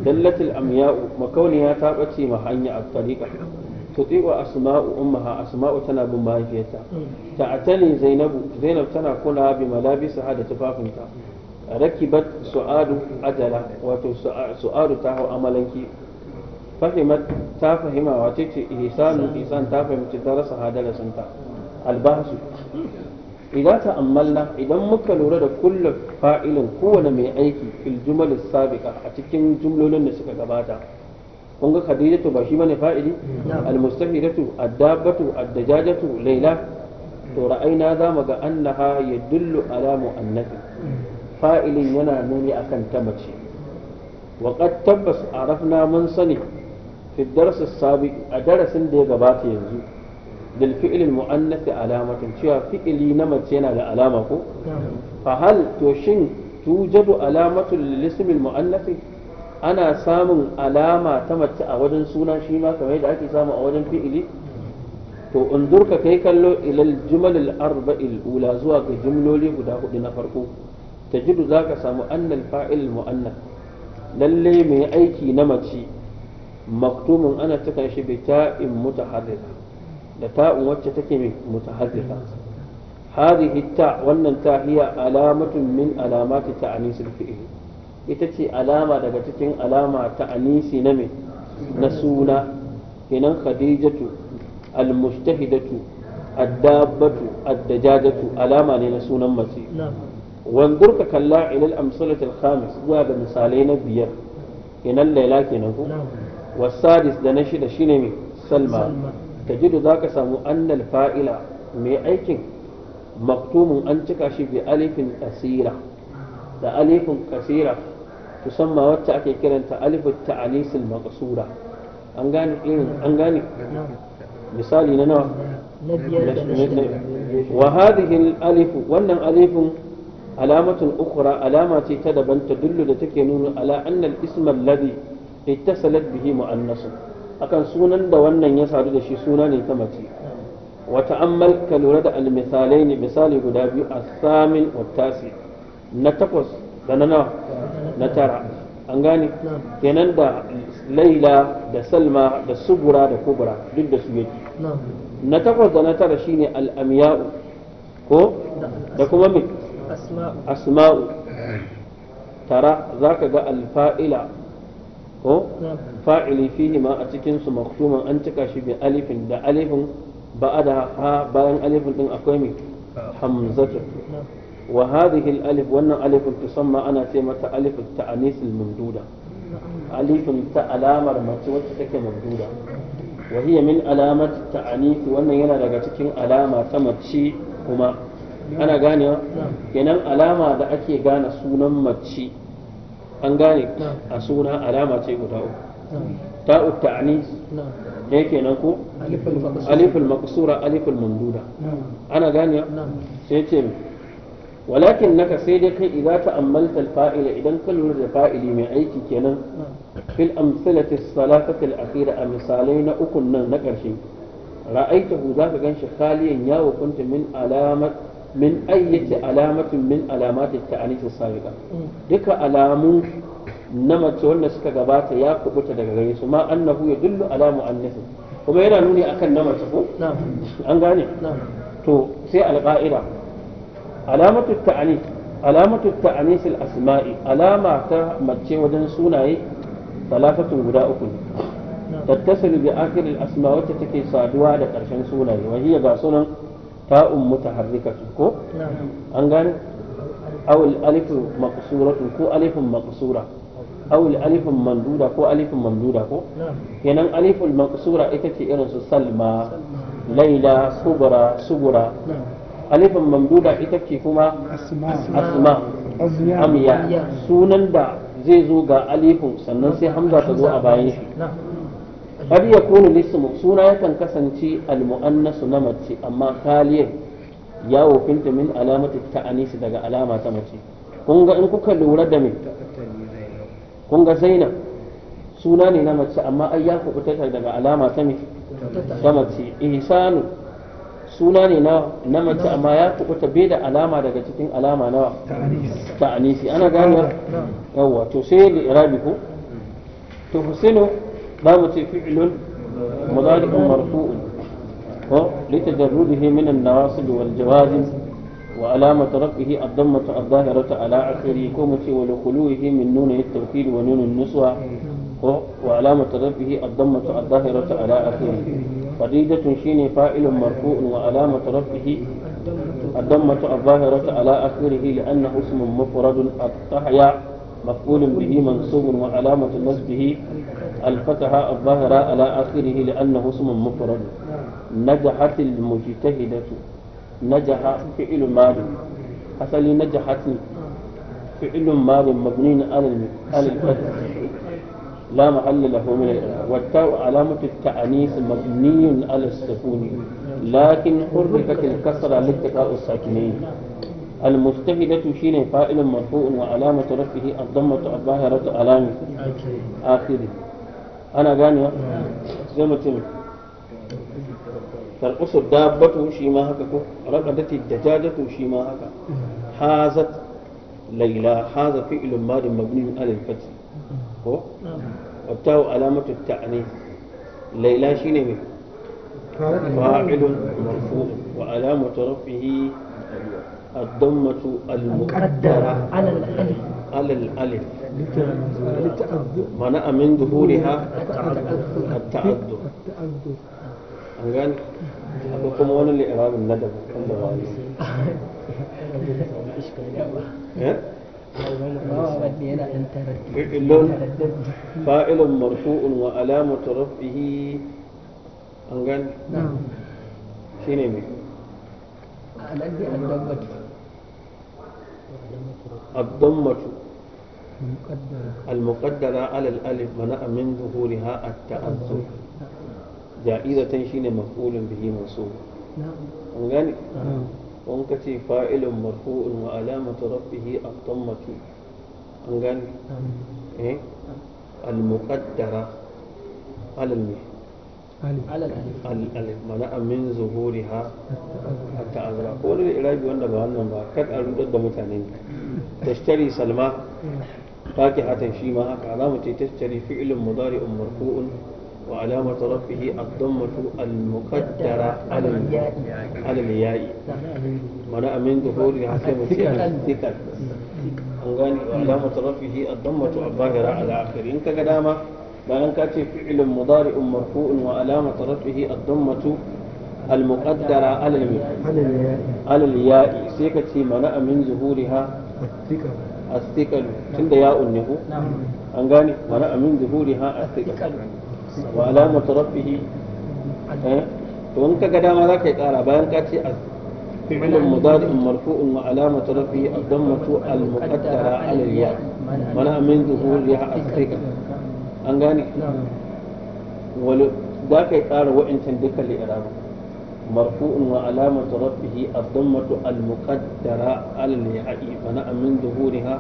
دلت الأمياء مكونها تابتي محنيا الطريقة تطيع أسماء أمها أسماء تنا بمهاجيتها تعتني زينب زينب تنا كلها بملابسها لتفافنتها rakibat su'adu ajala wato su'adu ta hau amalanki fahimat ta fahima wace ce ihsanu ta fahimci darasa hadalasin ta albasu idan ta ammalna idan muka lura da kullum fa'ilin kowane mai aiki fil jumal sabiqa a cikin jumlolin da suka gabata kun ga khadijatu ba shi bane fa'ili almustahidatu addabatu addajajatu laila to ra'aina zamu mu ga annaha yadullu ala mu'annafi fa'ilin yana nuni akan kan mace waƙat tabbas tabbas rafna mun sani fi a darasin da ya gabata yanzu lil fiilin al mu'annath cewa fi'ili na mace yana da alama ko fa hal to shin tujadu alamatu lil mu'annafi ana samun alama ta mace a wajen suna shi ma kamar yadda ake samu a wajen fi'ili to in durka kai kallo ilal jumal arba'in arba'il ula zuwa ga jumloli guda hudu na farko tajidu za ka samu annal fa'il mu'anna lalle mai aiki na mace maktumin ana cikin shi bi ta'in mutaharrika da ta'in wacce take mai mutaharrika hadhihi ta wannan ta hiya alamatun min alamati ta'anisil fi'il ita ce alama daga cikin alama ta anisi na mai na suna kenan khadijatu almujtahidatu addabatu addajajatu alama ne na sunan mace wanzur ka kalla a amsalatul khamis zuwa da misalai na biyar inan laila kenan ko wasadis da na shida shine mai salma za ka samu annal fa'ila mai aikin maktumun an cika shi bi alifin kasira da alifin kasira tusamma wacce ake kiranta alifin ta'anisil maqsura an gane an gane misali na nawa wa hadhihi al alif wannan alifin alamatun ukura alama ce ta daban ta dullu da take nuna ala annal ismal ladhi ittasalat bihi mu'annas akan sunan da wannan ya sadu da shi suna ne ta mace wa ta'ammal lura da almisalai ne misali guda biyu a samin wa tasi na takwas da na nawa na tara an gane kenan da laila da salma da subura da kubra duk da su yake na takwas da na tara shine al ko da kuma me asma'u tara za ka ga alfa'ila ko fa'ili fihi ma a cikinsu maktuman an cika shi bi alifin da alifin ba'ada ha bayan alifin din akwai mai hamzatu wa hadhihi alif wannan alifin tusamma ana ce mata alifin ta'anis al-mamduda alifin ta alamar mace wacce take mamduda wa hiya min alamat ta'anis wannan yana daga cikin alama ta mace kuma ana ganewa kenan alama da ake gane sunan mace an gane a suna alama ce guda uku ta ta'anis ne kenan ko alifin maqsura alifin mamduda ana ganewa sai ce walakin naka sai dai kai idan ta ammalta fa'ila idan ka lura da fa'ili mai aiki kenan fil amsalati salatati al-akhira a misalai na ukun nan na karshe ra'aitahu zaka ganshi khaliyan yawo kunta min alamat min ayyati alamatin min alamati ta'anisi sabiqa duka alamu na mace wanda suka gabata ya kubuta daga gare su ma annahu yadullu ala mu'annisi kuma yana nuni akan na mace ko an gane to sai alqa'ida alamatu ta'anis alamatu ta'anis asmai alama ta mace wajen sunaye talatatun guda uku ne tattasilu bi akhir asma wacce take saduwa da karshen sunaye wa hiya ga sunan fa'un mutaharrikatu ko an gane aw alifin maqsuratun ko alifin makusura aw alifin Manduda ko alifin Manduda ko kenan alifin makusura ita ce irin su salma laila kubra sugura alifin Manduda ita ce kuma asma amiya sunan da zai zo ga alifin sannan sai hamza ta zo a bayan shi qad yakunu lismu suna yakan kasance almu'annasu na mace amma khaliyan ya wofinta min alamati ta'anisi daga alama ta mace kun ga in kuka lura da me kun ga zainab suna ne na mace amma ai ya kubuta daga alama ta me ta mace ihsanu suna ne na mace amma ya kubuta bai da alama daga cikin alama nawa ta'anisi ana gano yawa to sai da irabi ko to husainu za mu ce fi'lun mudari'un marfu'un ko litajarrudihi min an-nawasib wal jawazim wa alamatu rafihi ad-dammatu adh-dhahiratu ala akhirih ko mu ce wa min nuni at-tawkid wa nuswa ko wa ala shine fa'ilun marfu'un wa alamatu rafihi الضمة الظاهرة على آخره لأنه اسم مفرد التحيا مفعول به منصوب وعلامة نصبه الفتحة الظاهرة على آخره لأنه اسم مفرد نجحت المجتهدة نجح فعل مال حسن نجحت فعل مال مبني على الفتح لا محل له من الإعراب والتاء علامة التعنيف مبني على السكون لكن حركت الكسرة لاتقاء الساكنين المجتهدة شين فائل مرفوع وعلامة رفعه الضمة الظاهرة علامة آخره أنا قال زي ما تم ترقصت دابته شي ما هكاكو رقدت الدجاجة شي ما هكا حازت ليلى حاز فعل ماض مبني على الفتح هو والتاو علامة التعنيف ليلى شنو فاعل مرفوع وعلامة رفعه الضمة المقدرة على الألف على الألف للتأذر من من ظهورها التأذر التأذر أنقال أبوكم وانا اللي إرام الندب كم بغالي إيه؟ فاعل مرفوع وألامة رفعه أنقال نعم شنو يعني؟ الأدب الضمة الضمة المقدرة على الألف منع من ظهورها التأثر جائزة شين مفعول به منصوب نعم, نعم. وان كتي فاعل مرفوع وعلامة ربه الضمة an gane eh al-muqaddara mana amin zuhuri ha hatta azra ko wani irabi wanda ba wannan ba kad a rudar da mutane ne tashtari salma fakihatan shi ma haka za mu ce tashtari fi'ilun mudari'un marfu'un wa ta rabbihi ad-dammatu al-muqaddara ala al-ya'i mana amin zuhuri ha sai mu ce dikal an gani wa alamatu rabbihi ad-dammatu al-zahira ala akhirin ga dama bayan كاتي فعل مضارع مرفوع marfu'un رفعه الضمة المقدرة على الياء على الياء سيكتي منع من ظهورها الثقل الثقل تند ياء النه أنغاني منع من ظهورها الثقل وعلامة رفعه وانك قدام ذاك يقال بيان كاتي فعل مضارع مرفوع وعلامة رفعه الضمة المقدرة على الياء منع من ظهورها الثقل an gane wani da ka yi ƙara wa'incan dukkan li'irabu marfu'un wa alamatu rafihi ad-dammatu al-muqaddara al-ya'i mana amin min dhuhuriha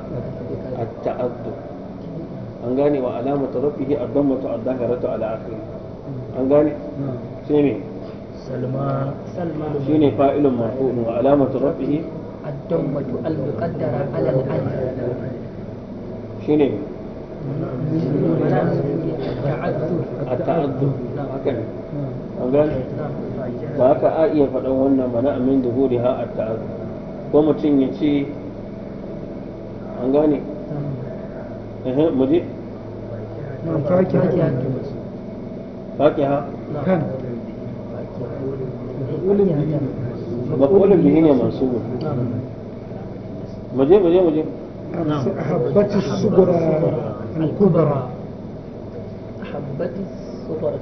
at-ta'addu an gane wa alamatu rafihi ad-dammatu ad-dahiratu ala akhir an gane sai me salma salma shine fa'ilun marfu'un wa alamatu rafihi ad-dammatu al-muqaddara ala al-ya'i shine التعذر هكذا ba haka a iya faɗan wannan ba na amin da gori ha a ta'azu ko mutum ya ce an gane muje baki ha ba kolin bihi ne masu gudu muje muje muje su gudu الكبرى أحبت الصفر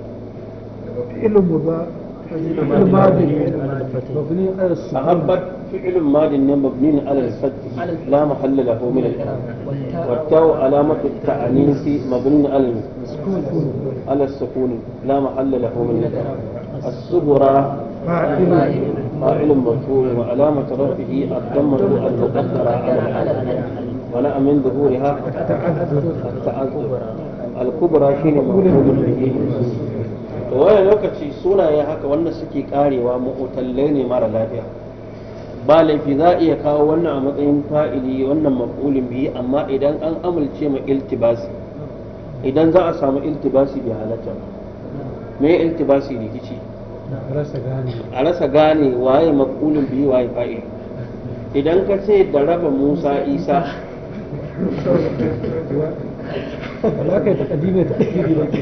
فعل فعل مبني على السكون أحبت فعل ماضي مبني على الفتح لا محل له من الإعراب والتاء علامة التأنيث مبني على السكون على السكون لا محل له من الإعراب الصبرى فاعل مرفوع وعلامة رفعه الضمة المقدرة على العلم ولا من ظهورها الكبرى شيء مفعول به wani lokaci sunaye haka wanda suke karewa ma'utalle ne mara lafiya ba laifi za iya kawo wannan a matsayin fa'ili wannan maf'ulin biyu amma idan an amince ma iltibasi idan za a samu iltibasi bi halatta me iltibasi rikici a rasa gane waye maf'ulin biyu waye fa'ili idan ka ce da raba musa isa wala kai ta kadime ta kadime ba ke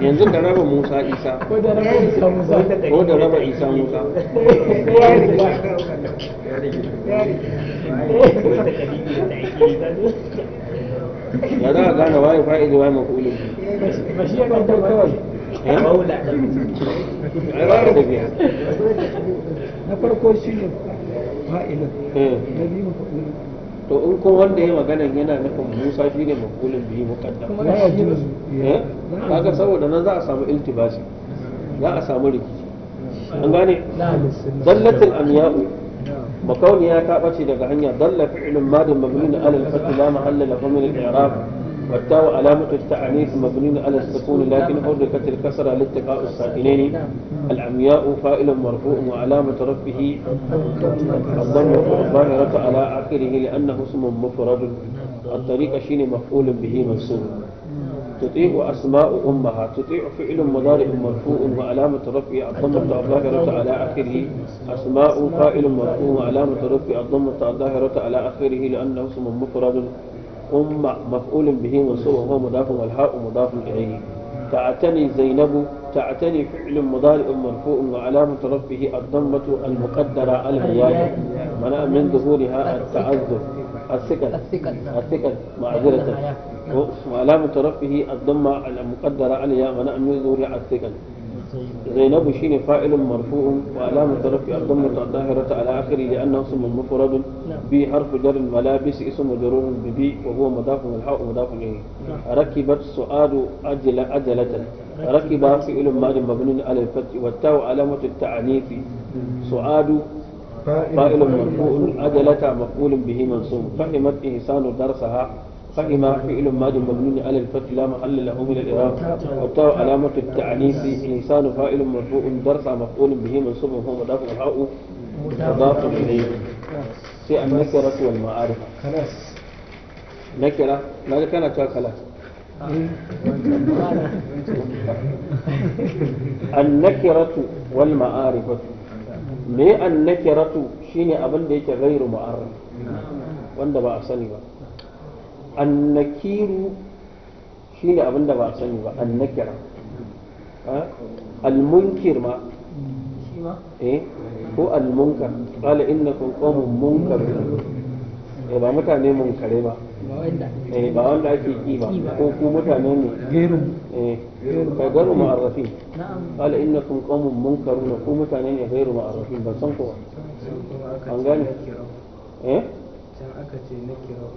yanzu da musa isa ko da isa musa ko da raba isa musa ya gane waye fa'izi waye Hmm. na biyu to in ko wanda ya magana yana nufin musa shi ne mafulin biyu mukaddama ya eh? ji kaga saboda nan za a samu iltibasi za a samu rikici an gane dallatul amya'u makauniya ta bace daga hanya dalla fi'lun madin mabni ala al-fath la mahalla lahu min al-i'rab والتاء علامة التعنيف مبنين على السكون لكن حركت الكسرة لاتقاء الساكنين العمياء فائل مرفوع وعلامة ربه الضم الظاهرة على آخره لأنه اسم مفرد الطريق شين مفعول به منصوب تطيع أسماء أمها تطيع فعل مضارع مرفوع وعلامة ربه الضمة الظاهرة على آخره أسماء فاعل مرفوع وعلامة ربه الضمة الظاهرة على آخره لأنه اسم مفرد أم مفعول به منصوب وهو مضاف والهاء مضاف إليه تعتني زينب تعتني فعل مضارع مرفوع وعلامة رفعه الضمة المقدرة على الواجب منع من ظهورها التعذر الثقل الثقل معذرة وعلامة رفعه الضمة المقدرة على منع من ظهورها الثقل زينب شين فاعل مرفوع وعلامة رفع الضمة الظاهرة على آخره لأنه اسم مفرد بي حرف جر الملابس اسم مجرور ببي وهو مضاف الحاء مضاف إليه ركبت سؤال أجل أجلة ركب فعل ماضي مبني على الفتح والتاء علامة التعنيف سؤال فاعل مرفوع أجلة مفعول به منصوب فهمت إنسان درسها قدم فعل ماد مبني على الفتح لا محل له من الإعراب وطاء علامة التعنيف إنسان فاعل مرفوع درس مفعول به منصوب وهو مضاف الحاء مضاف إليه في النكرة والمعارف خلاص نكرة ماذا كانت خلاص النكرة والمعارفة me النكرة nakiratu shine abin da yake gairu mu'arraf wanda annakiru shine abin da ba sani ba annakira almunkir ma eh ko almunkar qala innakum qawmun munkar eh ba mutane munkare ba eh ba wanda ake ki ba ko ku mutane ne gairu eh ka gairu ma'arrafin qala innakum qawmun munkarun ku mutane ne gairu ma'arrafin ban san ko an gane eh can aka ce nakira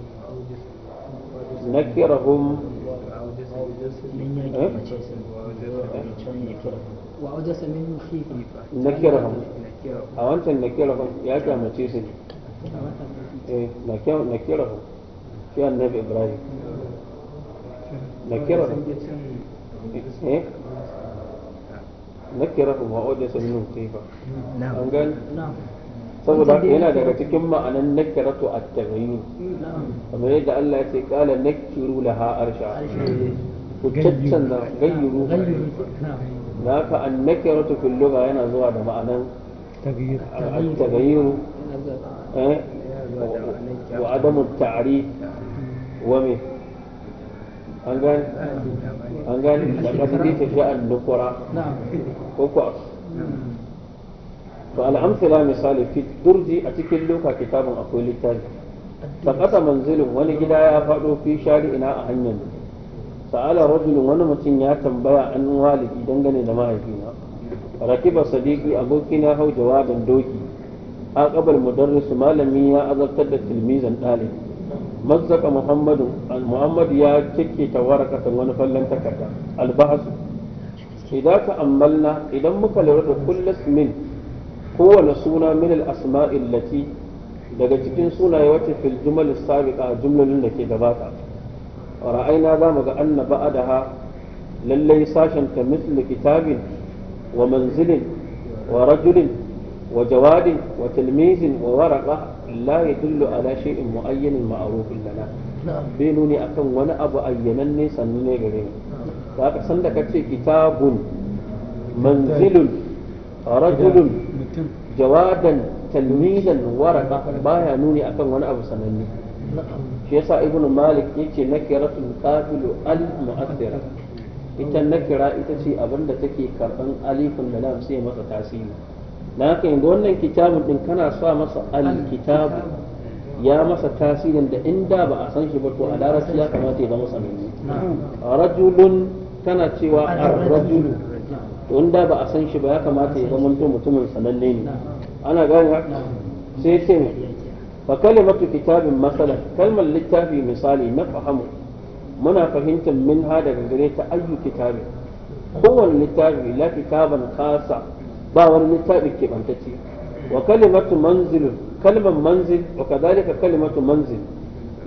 نكرهم وأوجس منه خيفة نكرهم أو أنت نكرهم يا كما تشيسن إيه، نكرهم في النبي إبراهيم نكرهم إيه؟ نكرهم وأوجس منهم خيفة نعم saboda yana daga cikin ma'anan nakiratu at-tabayyin kamar yadda Allah ya ce qala nakiru laha arsha ku cancanza gayyiru da haka an-nakiratu fil lugha yana zuwa da ma'anan at-tabayyin wa adamu at-ta'rif wa me an gani an gani da kasa ta sha'an nukura ko ko to al'amsala misali fi durji a cikin luka kitabun akwai littafi kasa manzilin wani gida ya faɗo fi ina a hanyar sa'ala rajulin wani mutum ya tambaya an walidi dangane da mahaifina rakiba sadiki abokina hau jawabin doki a kabar mudarris malami ya azartar da tilmizan ɗalibi mazzaka muhammadu muhammadu ya cike ta warakatan wani fallon takarda albahasu idan ka ammalna idan muka lura da kullas min kowane suna min al-asma'il lati daga cikin sunaye wacce fil jumal sabiqa jumlalin da ke gabata ra'ayna za mu ga anna ba'daha lallai sashen ta misli kitabin wa manzilin wa rajulin wa jawadin wa tilmizin wa waraqa la yadullu ala shay'in mu'ayyanin ma'rufin lana bai nuni akan wani abu ayyananne sannu ne gare ni ka san da kace kitabun manzilun rajulun jawadan talmidan waraka baya nuni akan wani abu sananne shi yasa ibnu malik yace nakiratul qabilu al mu'athira ita nakira ita ce abinda take karban alifin da lam sai masa tasiri na haka yanzu wannan kitabun din kana sa masa al kitabu ya masa tasirin da inda ba a san shi ba to a larabci ya kamata ya zama sananne rajulun tana cewa ar wanda ba a san shi ba ya kamata ya zama mutumin sananne ne ana gane sai ce mai fa kalimatu kitabin masalan kalmar littafi misali na fahimu muna fahimtar min ha daga gare ta ayyu kitabi kowane littafi la kitaban kasa ba wani littafi ke bantacce wa kalimatu manzil kalmar manzil wa kadalika kalimatu manzil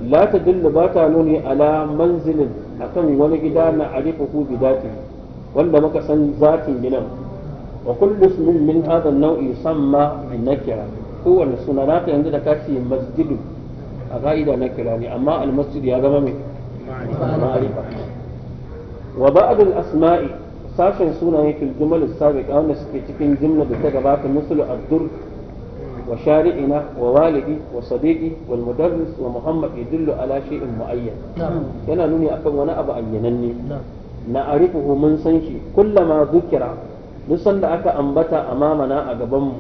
la tadullu ba ta nuni ala manzilin akan wani gida na arifuhu bidatihi wanda muka san zafin ginin, wa kullu ismin min hadha nau'i nawi yusamma nakira kowanne suna naka yanzu da kashi masjidu a ka'ida nakira ne amma almasjid ya zama mai ma'arifa wa ba'd al-asma'i sashen sunaye fil jumal as-sabiqa wanda suke cikin jumla da ta gabata musul Abdul, wa shari'ina wa walidi wa sadiqi wal mudarris wa muhammad yadullu ala shay'in muayyan yana nuni akan wani abu ayyananne na'rifuhu mun san shi kullama zukira duk da aka ambata a mamana a gaban mu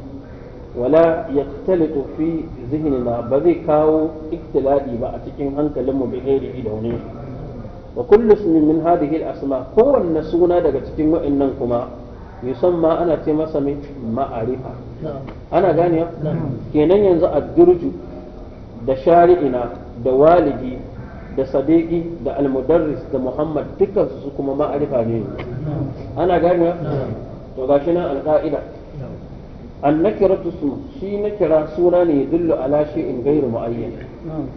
wala yaktalitu fi zihnina ba zai kawo iktiladi ba a cikin hankalinmu bi ghairihi da wani wa kullu ismin min hadhihi al-asma kowanne suna daga cikin wa'annan kuma ma ana ce masa mai ma'arifa ana gane kenan yanzu adduruju da shari'ina da walidi da sadiki da almudarris da muhammad dukkan su kuma ma'arifa ne ana gane to ga gashi nan alqaida annakiratu su shi na kira suna ne dillu ala shay'in ghairu muayyan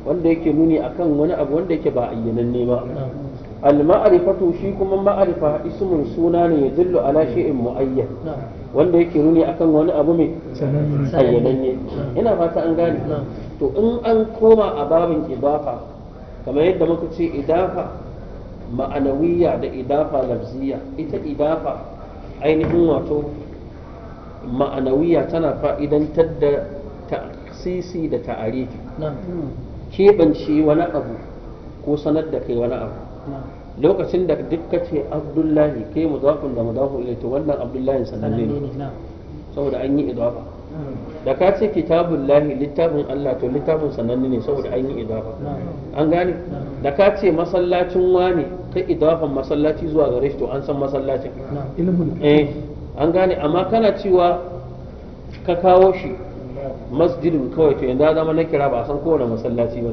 wanda yake nuni akan wani abu wanda yake ba ne ba al-ma'rifatu shi kuma ma'arifa ismun suna ne dillu ala shay'in muayyan wanda yake nuni akan wani abu mai ayyananne ina fata an gane to in an koma a babin ibafa kamar yadda muka ce idafa ma'anawiya da idafa lafziya ita idafa ainihin wato ma'anawiya tana fa'idantar da taksisi da ta'arifi keɓance wani abu ko sanar da kai wani abu lokacin da duk kace abdullahi kai mudafin da mudafu ilai to wannan abdullahi sananne ne saboda an yi idafa mm. da ka ce kitabun lahi littafin Allah to littafin sananne ne saboda an yi idafa an gane da ka ce masallacin wani ta idafan masallaci zuwa gare shi to an san masallacin eh an gane amma kana cewa ka kawo shi masjidin kawai to yanda zama na kira ba a san kowane masallaci ba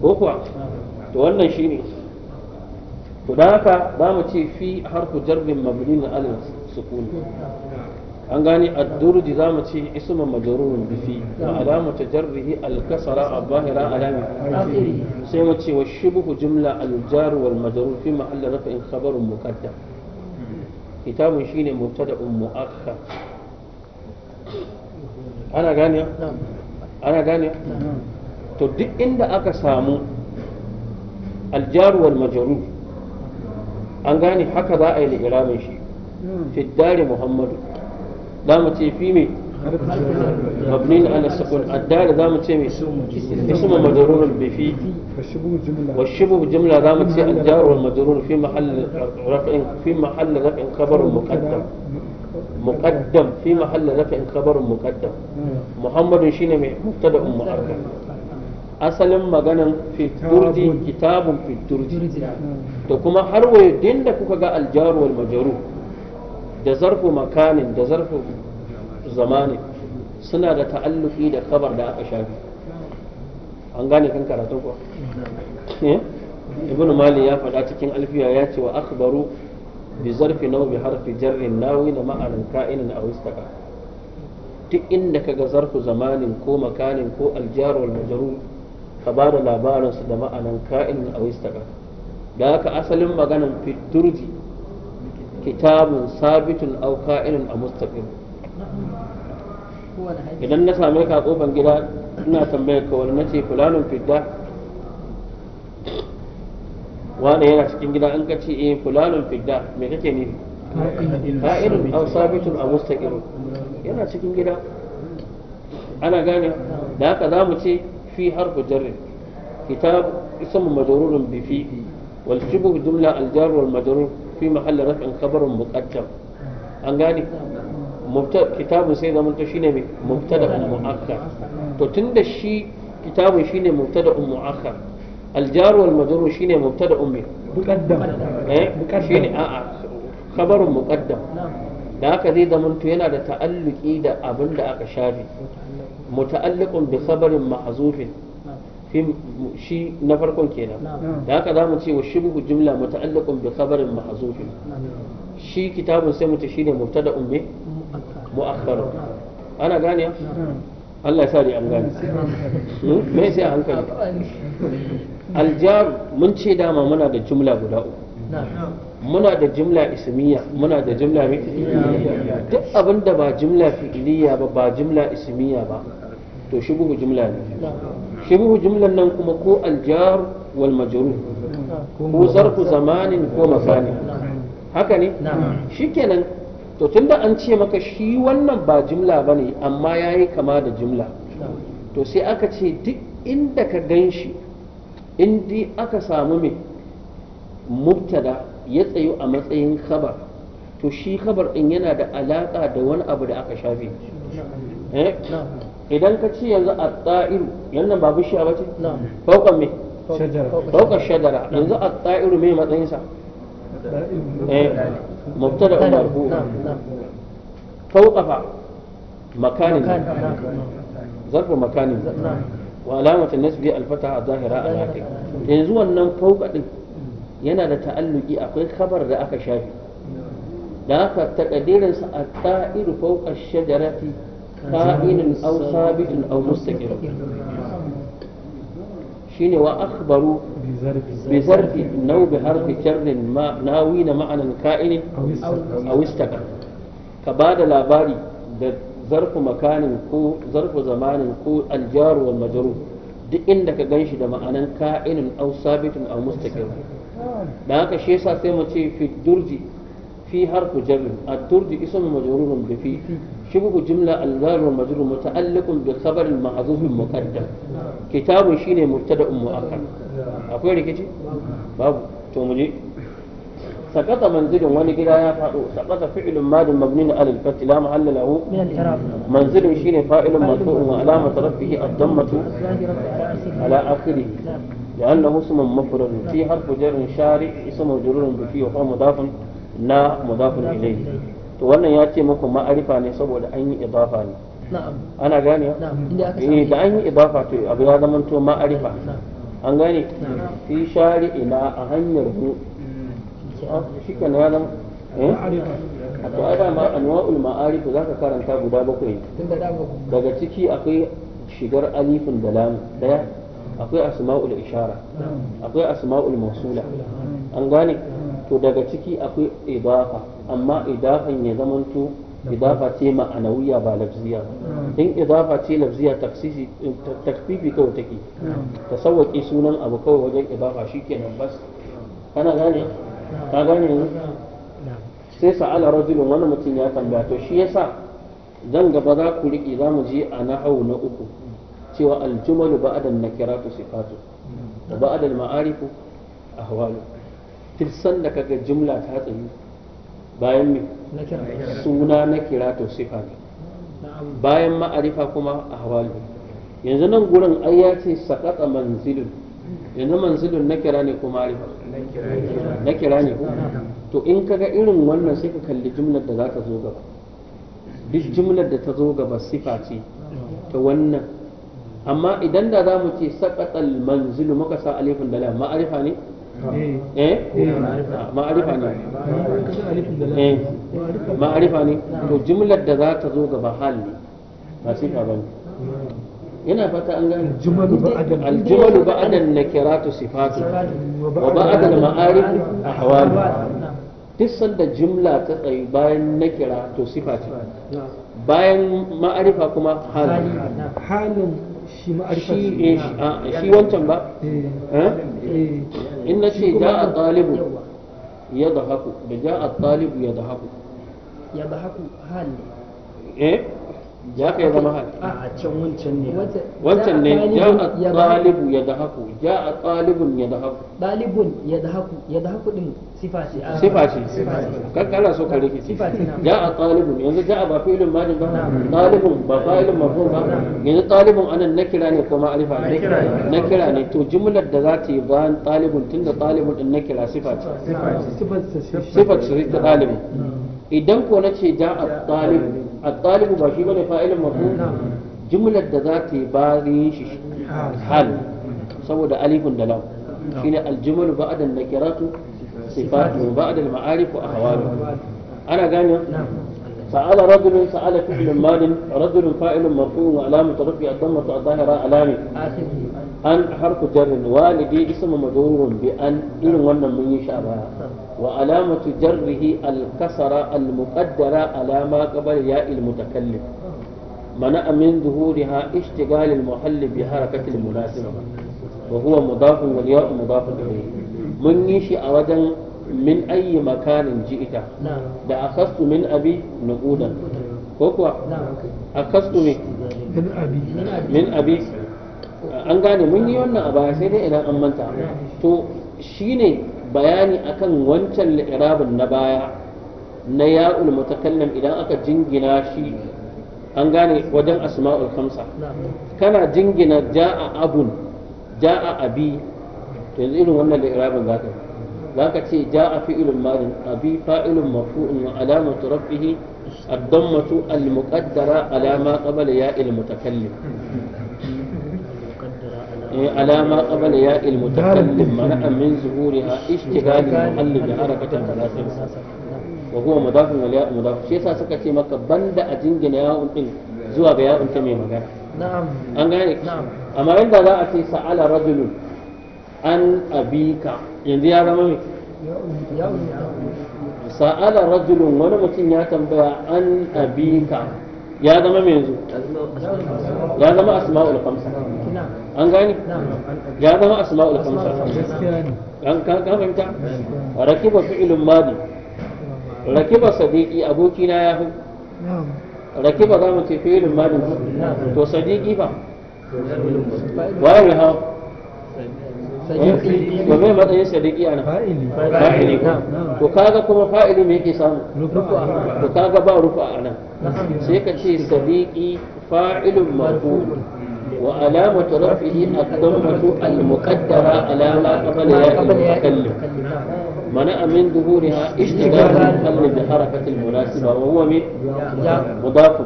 ko kuwa to wannan shi ne to da haka za mu ce fi harku jarbin mabni al alif sukuni an gane ad-durji zamu ce ismun majrurun bi fi wa alamatu jarrihi al-kasra al-zahira alami sai mu ce wa shibhu jumla al-jar wal majrur fi mahalli raf'in khabarun muqaddam kitabun shine mubtada'un mu'akhkhar ana gane ana gane to duk inda aka samu al-jar wal majrur an gane haka za a yi li'iramin shi fi dare muhammadu za mu ce fi mai mabnin ala sakun addar za mu ce mai isma madarurun bi fi wa shibu jumla za mu ce aljaru wal madarur fi mahall rafin fi mahall rafin khabar muqaddam muqaddam fi mahall rafin khabar muqaddam muhammadun shine mai mubtada um muarrad asalin maganan fiturdi kitabun fiturdi da kuma har harwaye dinda kuka ga aljaru wal majarur da zarfu makanin da zarfu zamanin suna da ta'alluki da kabar da aka shafi an gane kan karatun kuwa eh? ibn mali ya faɗa cikin alfiya ya ce wa akhbaru bi zarfi naw bi harfi jarrin nawi da ma'anan ka'inin aw istaka duk inda kaga zarfu zamanin ko makanin ko aljaru wal majrur ka ba da labarin su da ma'anan ka'inin aw istaka da haka asalin maganan fiturji kitabun sabitun au ka'inun a mustaqim idan na same ka gida ina tambayar ka wani nace fulanin fidda wani yana cikin gida an ka ce eh fulanin fidda me kake ne ka'inun au sabitun a mustaqim yana cikin gida ana gane da haka za mu ce fi harfu jarrin kitab ismu wal jumla al fi mahallin rafin kabarin muqaddam an gane kitabun sai to shine mubtada mu'akkar to tunda shi kitabun shine mubtada mu'akkar الجار والمجرور شيني مبتدا امي مقدم ايه da haka zai zamanta yana da ta'alluki da abin da aka shafi muta'alliqun bi khabarin mahzufin shi na farkon kenan da haka zamu ce wa shibhu jumla muta'alliqun bi khabarin mahzufin shi kitabun sai mu ce shine mubtada umme mu'akhkhar ana gane Allah ya sa an gane hmm? me sai a hankali aljar mun ce dama muna da jumla guda uku muna da jumla ismiya muna da jumla mai duk abinda ba jumla filiya ba ba jumla ismiya ba to shi bugu jumla ne shibuhu jumlan nan kuma ko aljar wal majrur ko zarfu zamanin ko makani haka ne shikenan to tunda an ce maka shi wannan ba jumla ne amma yayi kama da jumla to sai aka ce duk inda ka ganshi in aka samu mai mubtada ya tsayo a matsayin khabar to shi khabar din yana da alaka da wani abu da aka shafe idan ka ci yanzu a tsa'iru yannan ba bishiya ba ce faukan me faukan shadara yanzu a tsa'iru mai matsayinsa mafita da umar hu faukafa makanin zarfa makanin wa alamatin nasbi alfata a zahira a lafi yanzu wannan fauka din yana da ta'alluki akwai kabar da aka shafi da aka taƙadirinsa a tsa'iru fauka shajarati قائل أو ثابت أو مستقر شين وأخبروا بظرف النو بحرف جر ما ناوين معنى كائن أو استقر كبعد لاباري ظرف مكان كو ظرف زمان كو الجار والمجرور duk inda ka gan shi da ma'anan ka'inin au sabitin au mustaqim da haka shi yasa sai mu ce fi durji في حرف جر الترد اسم مجرور بفي شبه جملة الجار والمجرور متعلق بخبر محذوف مقدم كتاب شين مبتدا مؤخر اكو ركيتي باب تومجي سقط منزل وانا كده يا فاضو سقط فعل ماد مبني على الفتح لا محل له من الاعراب منزل شين فاعل مرفوع وعلامة رفعه الضمة على اخره لأنه اسم مفرد في حرف جر شارع اسم مجرور بفي وهو مضاف na mudafin ilaihi to wannan ya ce muku ma'arifa ne saboda an yi idafa ne ana gane eh da an yi idafa to abu ya zama to ma'arifa an gane fi shari ina a hanyar mu ah, shi kan ya zama eh? a to ai ma anwa'ul ma'arif zaka karanta guda bakwai daga ciki akwai shigar alifin da lam daya akwai asma'ul ishara akwai asma'ul mawsula an gane to daga ciki akwai idafa amma idafan ya zamanto idafa ce ma'anawiya ba lafziya in idafa ce lafziya takfifi kawai take ta sauwaƙe sunan abu kawai wajen idafa shikenan bas kana gane ka gane sai sa'ala rajulun wani mutum ya tambaya to shi yasa zan gaba za ku riƙe za mu je a na'au na uku cewa aljumalu ba'da nakiratu sifatu wa ba'da ma'arifu ahwalu tilsan da kaga jumla ta tsayi bayan me suna na kira to sifa ne bayan ma'arifa kuma a ahwalu yanzu nan gurin ai ya ce sakata manzilin yanzu manzilin na kira ne ko ma'arifa na kira ne ko to in kaga irin wannan sai ka kalli jumlar da za ta zo gaba duk jumlar da ta zo gaba sifa ce ta wannan amma idan da za mu ce saƙaƙal manzilu muka sa alifin da lam ma'arifa ne eh, eh? eh ma'arifa ne eh ma'arifa ne to jumlar da za ta zo gaba hal ne ba sifa ba ne yana hmm. fata an gane aljumalu ba'adan nakiratu sifatu wa ba'adan ma'arif ahwalu duk sanda jumla ta tsayi bayan na kira to sifa ce bayan ma'arifa kuma halin halin shi wancan ba eh. Eh? Eh. in na ce ja a ɗalibu ya da haku da ja a ɗalibu ya da haku ya da haku hali eh ya kai zama haka a can wancan ne wancan ne ja a ɗalibu ya da haku a ɗalibun ya dahaku ɗalibun ya dahaku haku ya da din sifa ce sifa ce kakkala so ka rike sifa a ɗalibun yanzu ja a ba fi'ilin madin ba ɗalibun ba fa'ilin mafhum ba yanzu ɗalibun anan na kira ne kuma ma'arifa ne na kira ne to jumlar da za ta yi ba ɗalibun tunda ɗalibun din na kira sifa ce sifa ce sifa ce ta ɗalibun idan ko na ce ja a ɗalibu a ɗalibu ba shi bane fa'ilin mafu jumlar da za ta yi bayan shi hal saboda alifin da lam shine aljumal ba'dan nakiratu sifatu ba'da al-ma'arif wa ahwalu ana gane سأل رجل سأل فعل مال رجل فاعل مرفوع وعلامة رفع الضمة الظاهرة علامة an harfu jarin walidi ismu majrurun bi an irin wannan mun yi sha baya wa alamatu jarrihi al-kasara al-muqaddara alama qabla ya al-mutakallim mana min zuhuriha ishtigal al-muhall bi harakati al-munasiba wa huwa mudaf wal ya mudaf ilayhi mun yi shi a wajen min ayi makanin ji'ita da akastu min abi nuqudan ko kuwa akastu min abi min abi an gane mun yi wannan a baya sai dai idan an manta to shine bayani akan wancan li'irabin na baya na ya'ul mutakallim idan aka jingina shi an gane wajen asma'ul khamsa kana jingina ja'a abun ja'a abi to yanzu irin wannan ka, zaka zaka ce ja'a fi'ilun madin abi fa'ilun mafu'un wa alamatu rabbihi ad-dammatu al-muqaddara ala ma qabala ya'il mutakallim على ما قبل ياء المتكلم منع من ظهورها اشتغال المحل بحركة المناسب وهو مضاف والياء مضاف شيء يسا سكتي مكة بند أجنجن ياء إن زوا بياء تمي مكان نعم أن نعم أما عند ذا سأل رجل عن أبيك يندي يا رمي سأل رجل ونمتن يا تنبيه عن أبيك ya zama mai yanzu ya zama asma'ul khamsa an gane ya zama asma'ul khamsa an ka fahimta rakiba fi'ilun madi rakiba sadiqi abokina ya hu rakiba za mu ce fi'ilun madi to sadiqi fa waye mai ومن matsayin sadiki a nan fa'ili to kaga kuma fa'ili me yake samu to kaga ba rufa a nan sai ka ce sadiki fa'ilun marfu wa alamatu rafihi ad-dammatu al-muqaddara alama qabla ya takallim منع من ظهورها اشتغال الامر بحركه المناسبه وهو من مضاف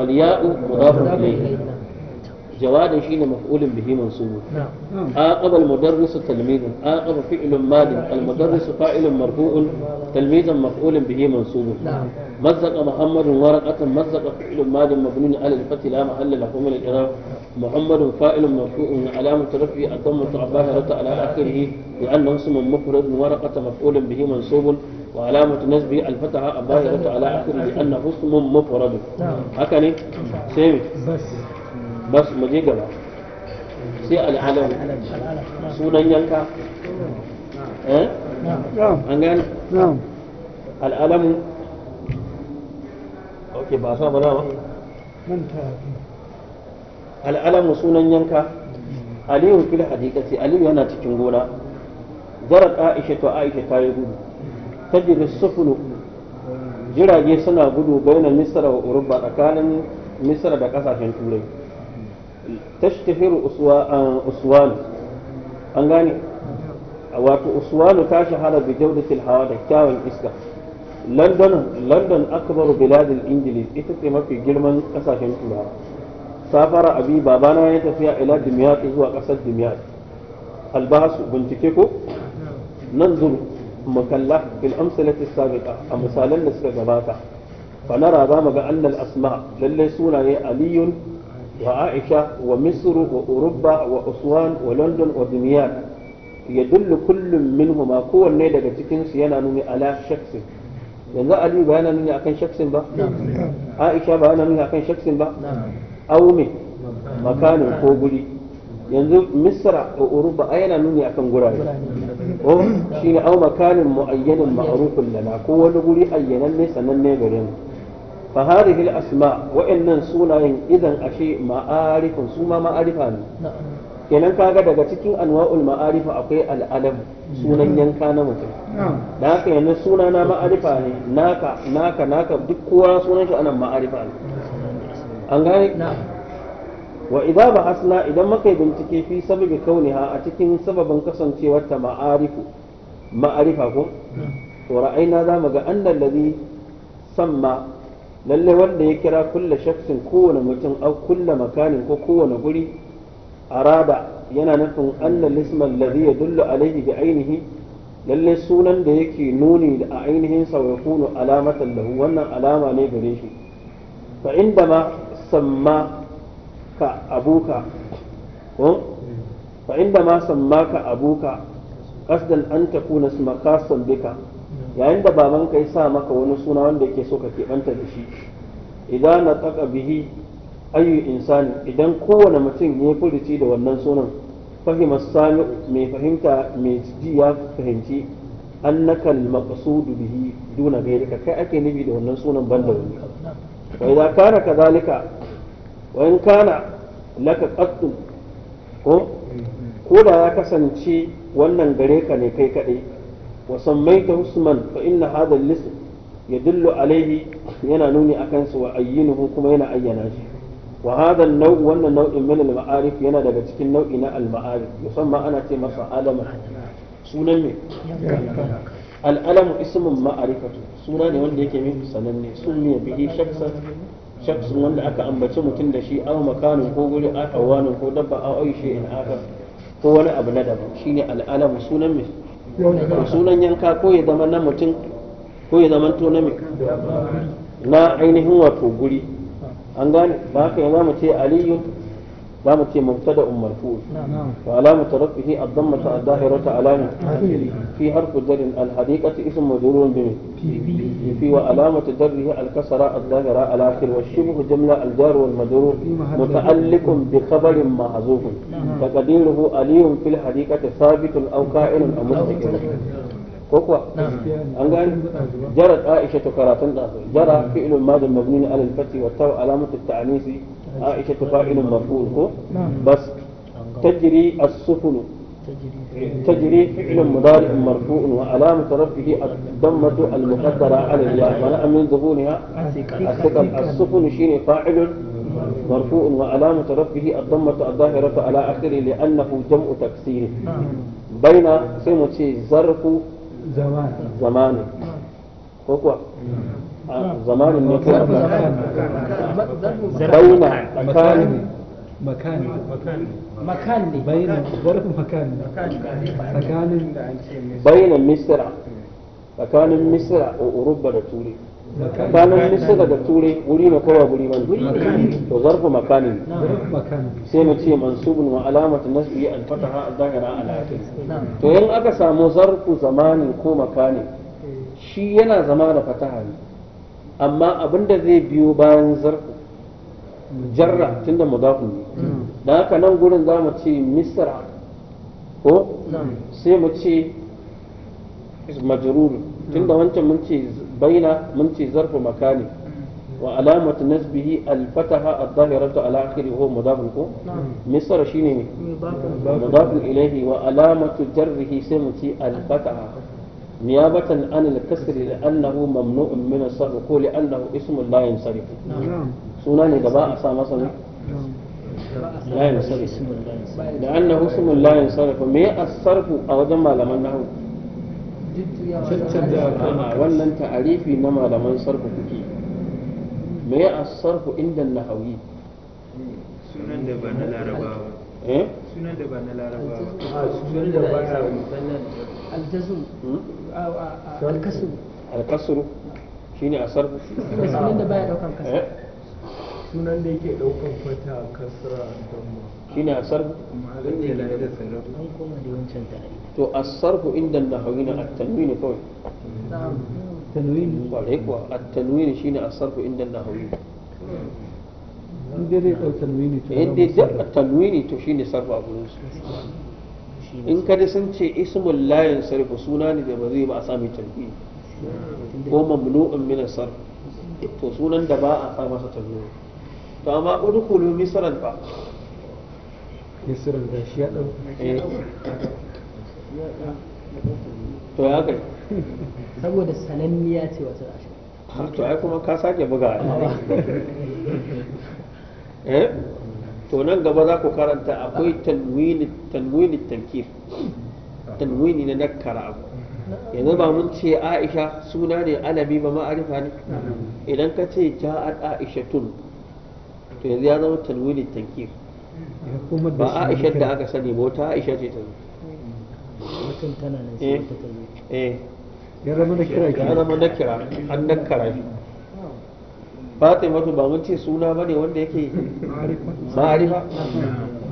والياء مضاف اليه جواد شين مفعول به منصوب عاقب المدرس تلميذا عاقب فعل ماد المدرس فاعل مرفوع تلميذا مفعول به منصوب مزق محمد ورقة مزق فعل ماد مبني على الفتح لا محل له من الإعراب محمد فاعل مرفوع علامة رفعه الضمة الظاهرة على آخره لأنه اسم مفرد ورقة مفعول به منصوب وعلامة نسبه الفتحة الظاهرة على آخره لأنه اسم مفرد هكذا سيمي بس مجيء gaba sai العلم sunan yanka eh an gani نعم ok ba sunan yanka aliyu fil hadikati aliyu yana cikin gona zarar aisha to aisha ta yi gudu ta jiri sufulu jirage suna gudu bayanan misra wa uruba tsakanin misra da kasashen turai tashtahiru uswanu an gane wato uswanu ta shahara bi jawdatil hawa da kyawun iska london london akbar biladil ingilis ita ce mafi girman kasashen turawa safara abi babana ya tafiya ila dimiyat zuwa kasar dimiyat albasu bincike ko nan zuru makalla bil amsalati sabiqa a misalan da suka gabata fa nara mu ga annal asma lalle sunaye aliyun wa ومصر wa وأسوان ولندن ودمياط يدل كل منهما كو ne daga cikin su yana nuni ala shaksin yanzu Ali ba yana nuni akan shaksin ba Aisha ba yana nuni akan shaksin ba Aume makanin ko guri yanzu Misra da Uruba yana nuni akan gurare ko oh, shine au makanin muayyanin ma'rufun lana ko wani guri ayyanan ne sannan ne gare mu fa hadhihi al-asma wa'annan sunayen idan ashe ma'arifun su ma ne kenan kaga daga cikin anwa'ul ma'arifa akwai al'adam sunan yanka na mutum da haka yanzu suna na ma'arifa ne naka naka naka duk kowa sunan shi anan ma'arifa ne an gane wa idza ba'asna idan muka bincike fi sababi kauniha a cikin sababin kasancewar ta ma'arifu ma'arifa ko to ra'ayna za mu ga annal ladhi samma lallai wanda ya kira kulle shaksin kowane mutum au kulle makanin ko kowane guri arada yana nufin annal isman ya yadullu alaihi bi ainihi lallai sunan da yake nuni da a ainihin sa ya kunu alamatan lahu wannan alama ne gare shi fa inda ma samma ka abuka fa inda ma samma ka abuka qasdan an takuna isma bika yayin da baban ka sa maka wani suna wanda yake so ka keɓanta da shi idan na taka bihi ayu insani idan kowane mutum ya furuci da wannan sunan fahimar sami mai fahimta mai ji ya fahimci annaka al-maqsudu bihi duna ghayrika kai ake nufi da wannan sunan banda wani wa idan kana kadalika wa in kana laka qattu ko ko da ya kasance wannan gare ka ne kai kadai وسميته اسما فإن هذا الاسم يدل عليه ينا نوني أكنس وأينه كما ينا أيناش وهذا النوع وأن نوع من المعارف ينا دقتك النوع إناء المعارف يسمى أنا تمسى ألم سنن الألم اسم معرفة سنن وأن يكي من سنن سمي به شخصا شخص وأن أكا أنبتم تندشي أو مكان هو أو أوان هو دب أو أي شيء آخر هو أنا أبنى دب شيني الألم سنن sunan yanka ko ya zama na mutum ko ya zama to na na ainihin wato guri an gane ba haka ya zama ce aliyun لام التي مبتدا مرفوع نعم، نعم. وعلامة رفعه الضمة الظاهرة على نعم. في حرف جر الحديقة اسم مجرور بمن في وعلامة جره الكسرة الظاهرة على آخر والشبه جملة الجار والمجرور متعلق بخبر محذوف تقديره علي في الحديقة ثابت أو كائن أو مستقر كوكو نعم أن جرت عائشة كراتن جرى فعل الماضي المبني على الفتح والتو علامة al aisha ta fa'ilun maf'ul ko bas tajri as-sufun tajri fi'lun mudari marfu'un wa alamatu rafihi ad-dammatu al-muqaddara 'ala al-ya wa la min dhuhuriha as-sufun as-sufun shini fa'ilun مرفوع وعلامة رفعه الضمة الظاهرة على آخره لأنه جمع تكسير بين سيموتشي ظرف زمان زمان هو آه، زمان النكر بين آه، مكان مكان مكان بين ظرف مكان مكان بين مصر مكان مصر واوروبا لتولي مكان مصر ده تولي ولي ما كوا ولي من تو نعم. ظرف مكان مكان سينا تي منصوب وعلامة النصب هي الفتحة الظاهرة على الحاكم تو ين أكسا مظرف زمان كو مكان إيه. شي ينا زمان فتحة amma abin da zai biyo bayan zarfu jarra tunda mudafu ne da haka nan gurin za mu ce misra ko sai mu ce majrur tunda wancan mun ce baina mun ce zarfu makani wa alamatu nasbihi al-fataha adh-dhahiratu ala akhiri huwa mudaf ko misra shine ne mudaf ilayhi wa alamatu jarrihi sai mu ce al-fataha نيابة عن الكسر لأنه ممنوع من الصرف لأنه اسم لا ينصرف سنان دباء سامسا لا ينصرف لأنه اسم لا ينصرف ما الصرف أو جمع لمن wannan ta'arifi na malaman sarku kuke me ya asarfu inda sunan da ba na larabawa eh sunan da ba na larabawa sunan da ba na larabawa alkasuru alkasuru shine asar sunan da baya daukan kasra eh? sunan da yake daukan fata kasra damma shine asar abin da ya da sarrafa an koma na wancan ne. kawai kuwa inda in dai tanwini to in dai tanwini to shine sarfa a gurin su in ka sun ce ismul layin sarfi suna ne da ba zai ba a sami tarbi ko mamnu'un min sarf to sunan da ba a sa masa tarbi to amma udkhulu misran fa misran da shi ya dau eh. to ya kai saboda sananniya ce wata ashe to ai kuma ka sake buga eh to nan gaba za ku karanta akwai tanwini tankif tanwini na nakara abu yanzu ba mun ce aisha suna ne alabi ba ma'arifa ne idan ka ce a aisha tun to yanzu ya zama tanwini tankif ba aisha da aka sani ba wata aisha ce ta zo eh, eh. ya zama kira an nakara fatimatu ba mun ce suna bane wanda yake ma'arifa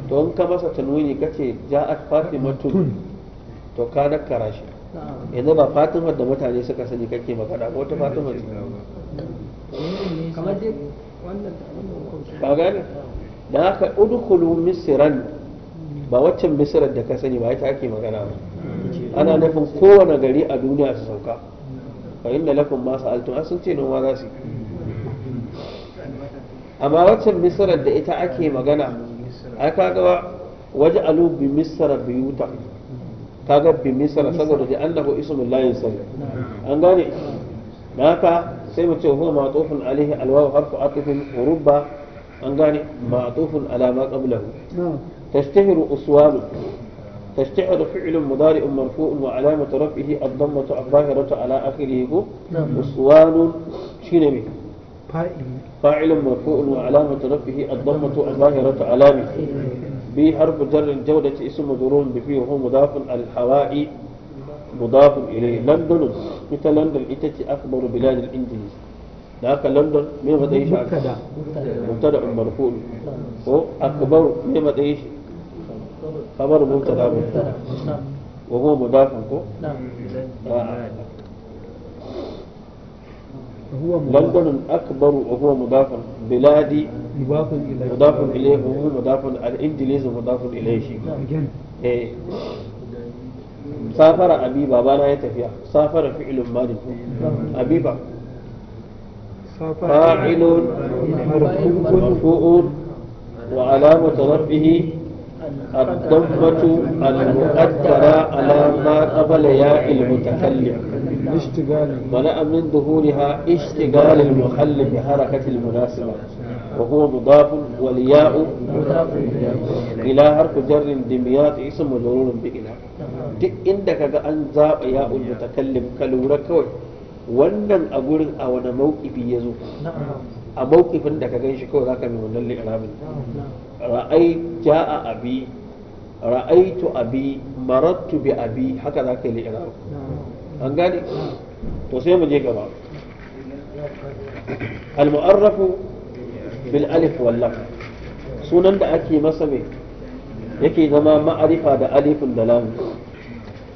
to in ka masa tanwini kace ja'at fatimatu to ka dakkara shi yanzu ba fatima da mutane suka sani kake magana ko ta fatima ce kamar dai wannan ba gane da haka udkhulu misran ba waccan misran da ka sani ba ita ake magana ba ana nufin kowane gari a duniya su sauka fa inda lakum ma sa'altum sun ce noma za su yi amma waccan misrar da ita ake magana ai kaga waje alu bi misra biyuta kaga bi misra saboda da annahu ismul lahi sallallahu an gane haka sai mace huwa ma'tufun alaihi alwaw harfu atfin ruba an gane ma'tufun ala ma qablahu tashtahiru uswalu تشتعر فعل مضارع مرفوع وعلامة رفعه الضمة الظاهرة على آخره أسوان شنمي فاعل فاعل مرفوع وعلامة رفعه الضمة الظاهرة علامة بي حرف جر الجودة اسم مجرور بفي وهو مضاف الحوائي مضاف إليه لندن مثل لندن إتتي أكبر بلاد الإنجليز ذاك لندن مين مدعيش مبتدع مبتدع مرفوع أكبر مين مدعيش خبر مبتدع وهو مضاف نعم لندن الأكبر وهو مضاف بلادي مضاف إليه مضاف إليه وهو مضاف الإنجليز مضاف إليه شيء سافر أبي بابانا يتفيا سافر فعل ماضي أبي بابا فاعل مرفوع وعلامة رفعه الضمة المؤثرة على ما قبل ياء المتكلم اشتغال منع من ظهورها اشتغال المخل بحركة المناسبة وهو مضاف والياء إلى حرف جر دمياط اسم مجرور بإله دي inda kaga an zaɓa ya mutakallim ka lura kawai wannan a gurin a wani mauƙifi ya a mawkifin da ka ganshi kawai zaka mai wannan li'irabin ra'ai ja'a abi ra'aitu abi marattu bi abi haka zaka yi li'irab an gane to sai mu je gaba al-mu'arrafu bil alif wal lam sunan da ake masa mai yake zama ma'arifa da alifin da lam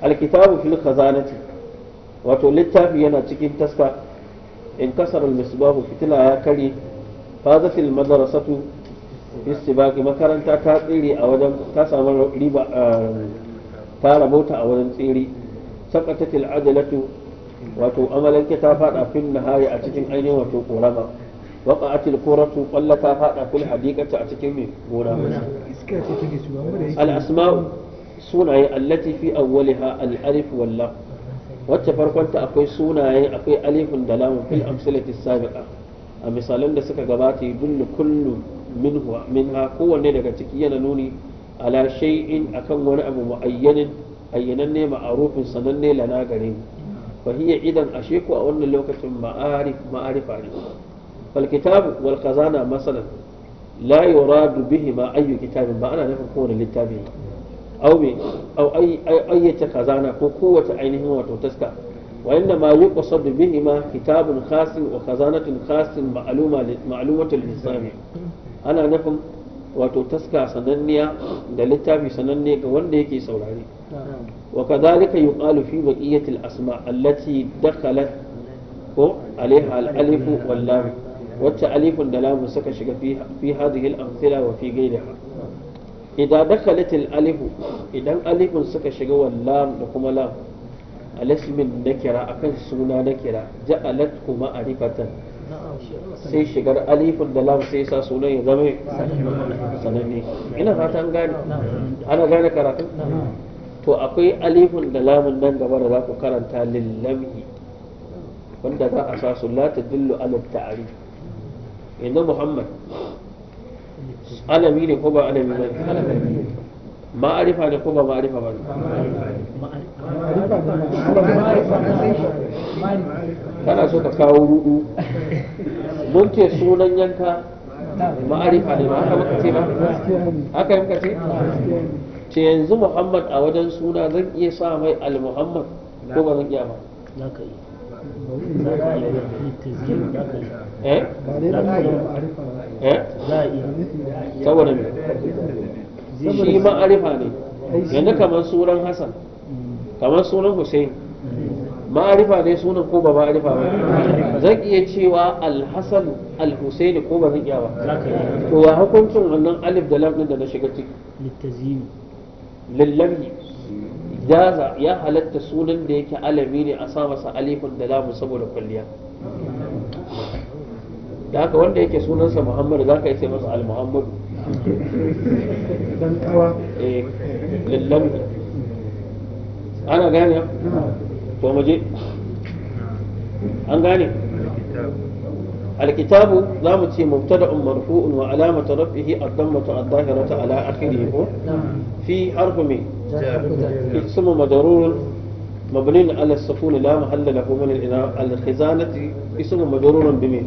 al-kitabu fil khazanati wato littafi yana cikin taska in kasar misbahu fitila ya kare fazatil madrasatu istibaqi makaranta ta tsire a wajen ta samu riba ta rabota a wajen tsire saqatatil adalatu wato amalanke ta fada fil nahari a cikin ainihin wato korama وقعت الكرة a فاتا في الحديقة أتكمي مولا الأسماء سنعي التي في أولها الألف والله wacce farkonta akwai sunaye akwai alifin da lamun fil amsalati sabiqa a misalan da suka gabata yudullu kullu minhu minha kowanne daga ciki yana nuni ala shay'in akan wani abu muayyanin ayyananne ma'arufin sananne lana gare fa hiya idan ashe ko a wannan lokacin ma'arif ma'arifa ne fal kitab wal khazana masalan la yuradu ma ayyu kitabin ba ana nufin kowane littafi au au ayyace kazana ko kowace ainihin wato taska wayanda inda ma yuqsad bihi ma kitabun khasin wa khazanatun khasin ma'luma ma'lumatul insani ana nufin wato taska sananniya da littafi sananne ga wanda yake saurari wa kadhalika yuqalu fi baqiyatil asma allati dakhalat ko alaiha al-alif wacce alifun da lamu suka shiga fi hadhihi al-amthila wa fi ghayriha idan dakhalat idan alifun suka shiga wallam da kuma lam alasmin nakira kuma lam sai sa sunan ya akwai alifun da lamun nan gaba da za karanta lillamhi wanda za a sa su la tadullu muhammad alami ne ko ba alami ba ma'arifa ne ko ba ma'arifa ba ne kana so ka kawo rudu mun ce sunan yanka ma'arifa ne ba haka muka ce ba haka muka ce ce yanzu muhammad a wajen suna zan iya sa mai al-muhammad ko ba zan iya ba Eh? eh saboda me shi ma'arifa ne yanzu kamar sunan Hassan kamar sunan Hussein ma'arifa ne sunan ko ba ma'arifa ba zan iya cewa alhassan alhussein ko ba zan iya ba to wa hukuncin wannan alif da lam da na shiga ciki littazini lillabi jaza ya halatta sunan da yake alami ne a sa masa alifin da lamu saboda kwalliya da haka wanda yake sunansa muhammadu za ka yi sai masa al-muhammadu dan kawa eh lallan ana gane to muje an gane الكتاب لام تي مبتدا مرفوع وعلامه رفعه الضمه الظاهره على اخره في حرف مين اسم مجرور مبني على السكون لا محل له من الخزانة اسم مجرور بمين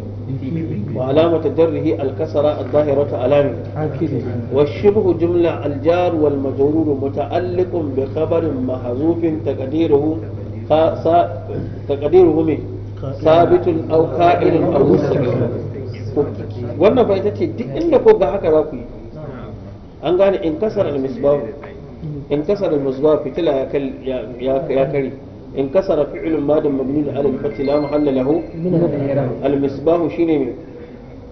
وعلامة جره الكسرة الظاهرة علامة والشبه جملة الجار والمجرور متعلق بخبر محذوف تقديره تقديره من ثابت أو كائن أو مستقيم وانا فايتتي دي انكو بحكا راكي ko انكسر المسباب انكسر المصباح في تلا يا يا, كري انكسر فعل ماض مبني على الفتح لا محل له المصباح شيني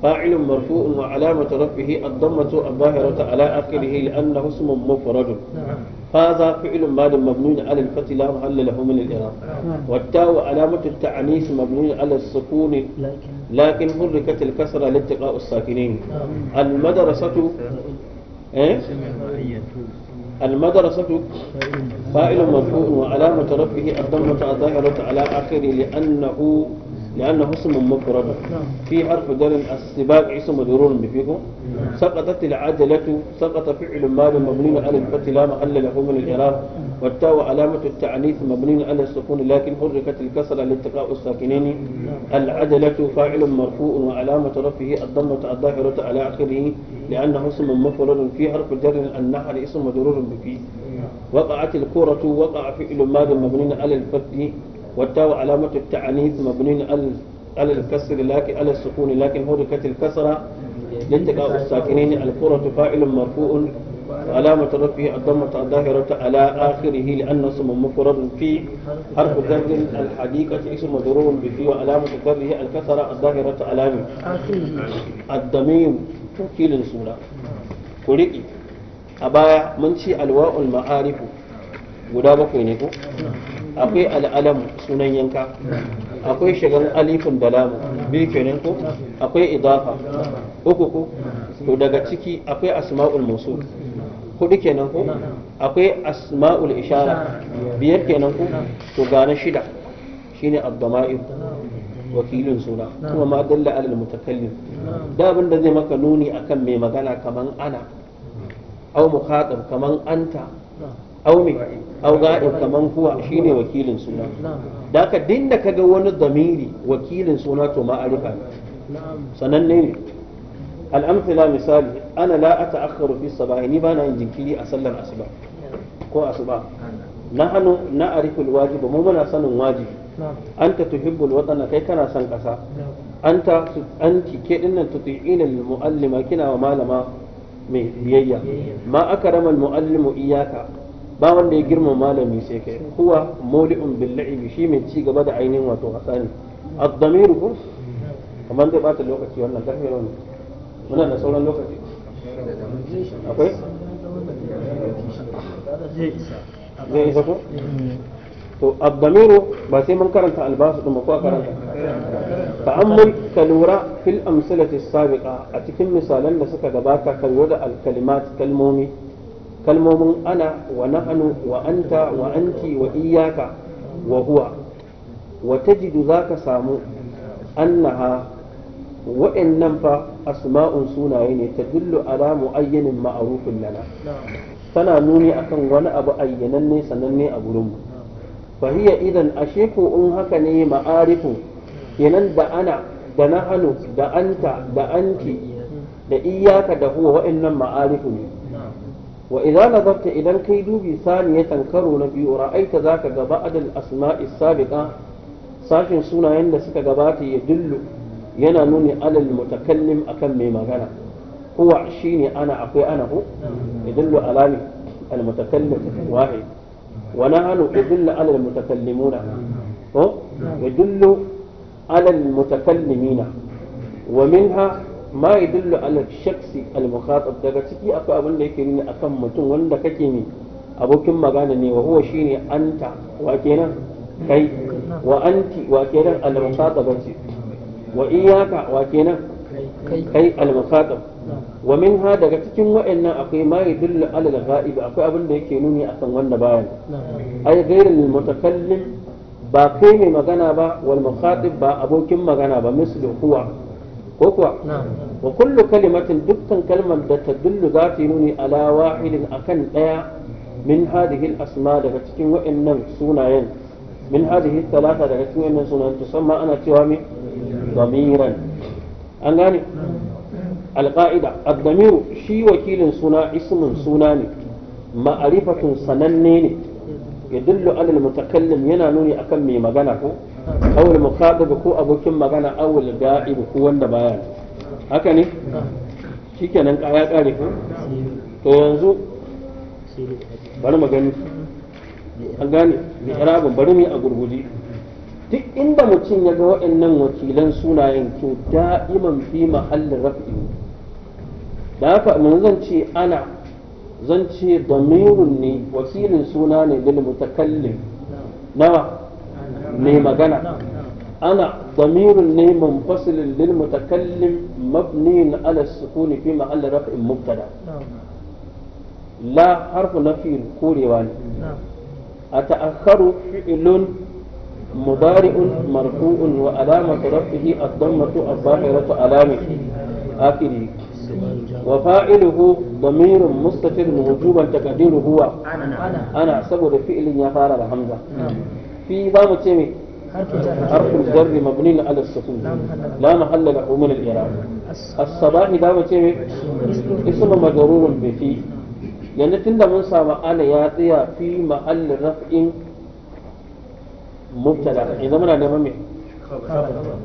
فاعل مرفوع وعلامة رفعه الضمة الظاهرة على آخره لأنه اسم مفرد نعم. هذا فعل ماض مبني على الفتح لا محل له من الإعراب نعم. والتاء علامة التعنيس مبني على السكون لكن حركت الكسرة لالتقاء الساكنين نعم. المدرسة إيه؟ المدرسة فائل مرفوع وعلامة ربه الضمة الظاهرة على آخره لأنه لأنه اسم مفرد نعم. في حرف جر السباق اسم مجرور بفيكم نعم. سقطت العجلة سقط فعل مال مبني على الفتح لا محل له من الإعراب والتاء علامة التعنيف مبني على السكون لكن حركت الكسرة لاتقاء الساكنين نعم. العجلة فاعل مرفوع وعلامة رفعه الضمة الظاهرة على آخره لأنه اسم مفرد في حرف جر النحل اسم مجرور بفيه وقعت الكرة وقع فعل مال مبني على الفتح والتاء علامة التعنيف مبني على الكسر لكن على السكون لكن هدكت الكسرة لاتقاء الساكنين الكرة فاعل مرفوع علامة رفعه الضمة الظاهرة على آخره لأن اسم مفرد في حرف جر الحديقة اسم مجرور بفي وعلامة جره الكسرة الظاهرة على الضمير في الرسول كوريكي أبايا منشي الواء المعارف ودابك bakwai akwai al'alam sunan yanka akwai shigan alifin da lamu biyu kenan ko akwai idafa uku ko to daga ciki akwai asma'ul musul hudu kenan ko akwai asma'ul ishara biyar kenan ko to gane shida shine abdama'i wakilin suna kuma ma dalla alal mutakallim da abin da zai maka nuni akan mai magana kaman ana au mukhatab kaman anta au auga au kaman kuwa shine wakilin suna da ka ga wani zamiri wakilin suna to ma'arifa sananne ne al'amtila misali ana la a ta'akkaru fi sabahi ni bana yin jinkiri a sallar asuba ko asuba na hannu na arifin wajiba mu muna sanin wajibi an ta tuhibbul watana kai kana son kasa an ta an ki ke dinnan tuti'ina kina wa malama mai biyayya ma akrama al muallimu iyaka ba wanda ya girma malami sai kai huwa mawdi'un bil la'ibi shi mai ci gaba da ainihin wato hasani ad-damiru ko kamar zai bata lokaci wannan karfe ne muna da sauran lokaci akwai zai isa ko to ad-damiru ba sai mun karanta albasu din ba ko karanta ta'ammul ka lura fil amsalati sabiqa a cikin misalan da suka gabata ka al-kalimat kalmomi kalmomin ana wa na'anu wa anta wa anti wa iyaka wa huwa wa tajidu zaka samu annaha wa'annan fa asma'un sunaye ne ta dillu ala mu'ayyanin ma'arufin lana tana nuni akan wani abu ayyananne sananne a gurin mu fahiya idan ashe ko in haka ne ma'arifu kenan da ana da na'anu da anta da anti da iyaka da huwa wa'annan ma'arifu ne wa idza nazarta idan kai dubi saniya karo na biyu ra'aita zaka ga ba'dal asma'i sabiqa sashin sunayen da suka gabata ya dillu yana nuni alal mutakallim akan mai magana huwa shine ana akwai ana ko yadullu alami al mutakallim wahid wa alal alal mutakallimina wa minha ma yadullu ala shakhsi al mukhatab daga ciki akwai abin da yake nuna akan mutum wanda kake ne abokin magana ne wa huwa shine anta wa kenan kai wa anti wa kenan al mukhatabati wa iyaka wa kenan kai al mukhatab wa minha daga cikin wa'annan akwai ma yadullu ala al ghaib akwai abin da yake nuni akan wanda bayan ay ghairul mutakallim ba kai mai magana ba wal mukhatib ba abokin magana ba mislu huwa ko kuwa wa kullu kalimatin dukkan kalmar da ta dullu za ta yi nuni ala wahidin akan daya min hadhihi al-asma daga cikin wa'annan sunayen min hadhihi talata daga cikin wa'annan sunayen tusamma ana cewa me damiran an gane al-qa'ida ad-damiru shi wakilin suna ismin suna ne ma'rifatun sananne ne yadullu alal mutakallim yana nuni akan mai magana ko awul muqaddab ko abokin magana awul da'ib ko wanda baya haka ne shikenan kaya kare ko to yanzu bari mu gani an gane mi'rabin bari mu a gurguje duk inda mutum ya ga waɗannan wakilan sunayen to da'iman fi mahallin raf'i da mun zan ce ana zan ce damirun ne wasirin suna ne lil nawa ne magana ana damirun ne munfasilin lil mutakallim mabni ala sukuni fi ma'al raf'in mubtada la harfu nafin korewa ne a ta'akaru fi'lun mubari'un marfu'un wa alamatu rafihi ad-dammatu al alama alami akili وفاعله ضمير مستتر وجوبا تقديره هو أنا أنا سبب فعل يا فارغ حمزة في ضام تيمي حرف الجر مبني على السكون لا محل له من الإعراب الصباح ضام تيمي اسم مجرور بفي يعني تند من سامع أنا يا في محل رفع مبتدا إذا من أنا ممي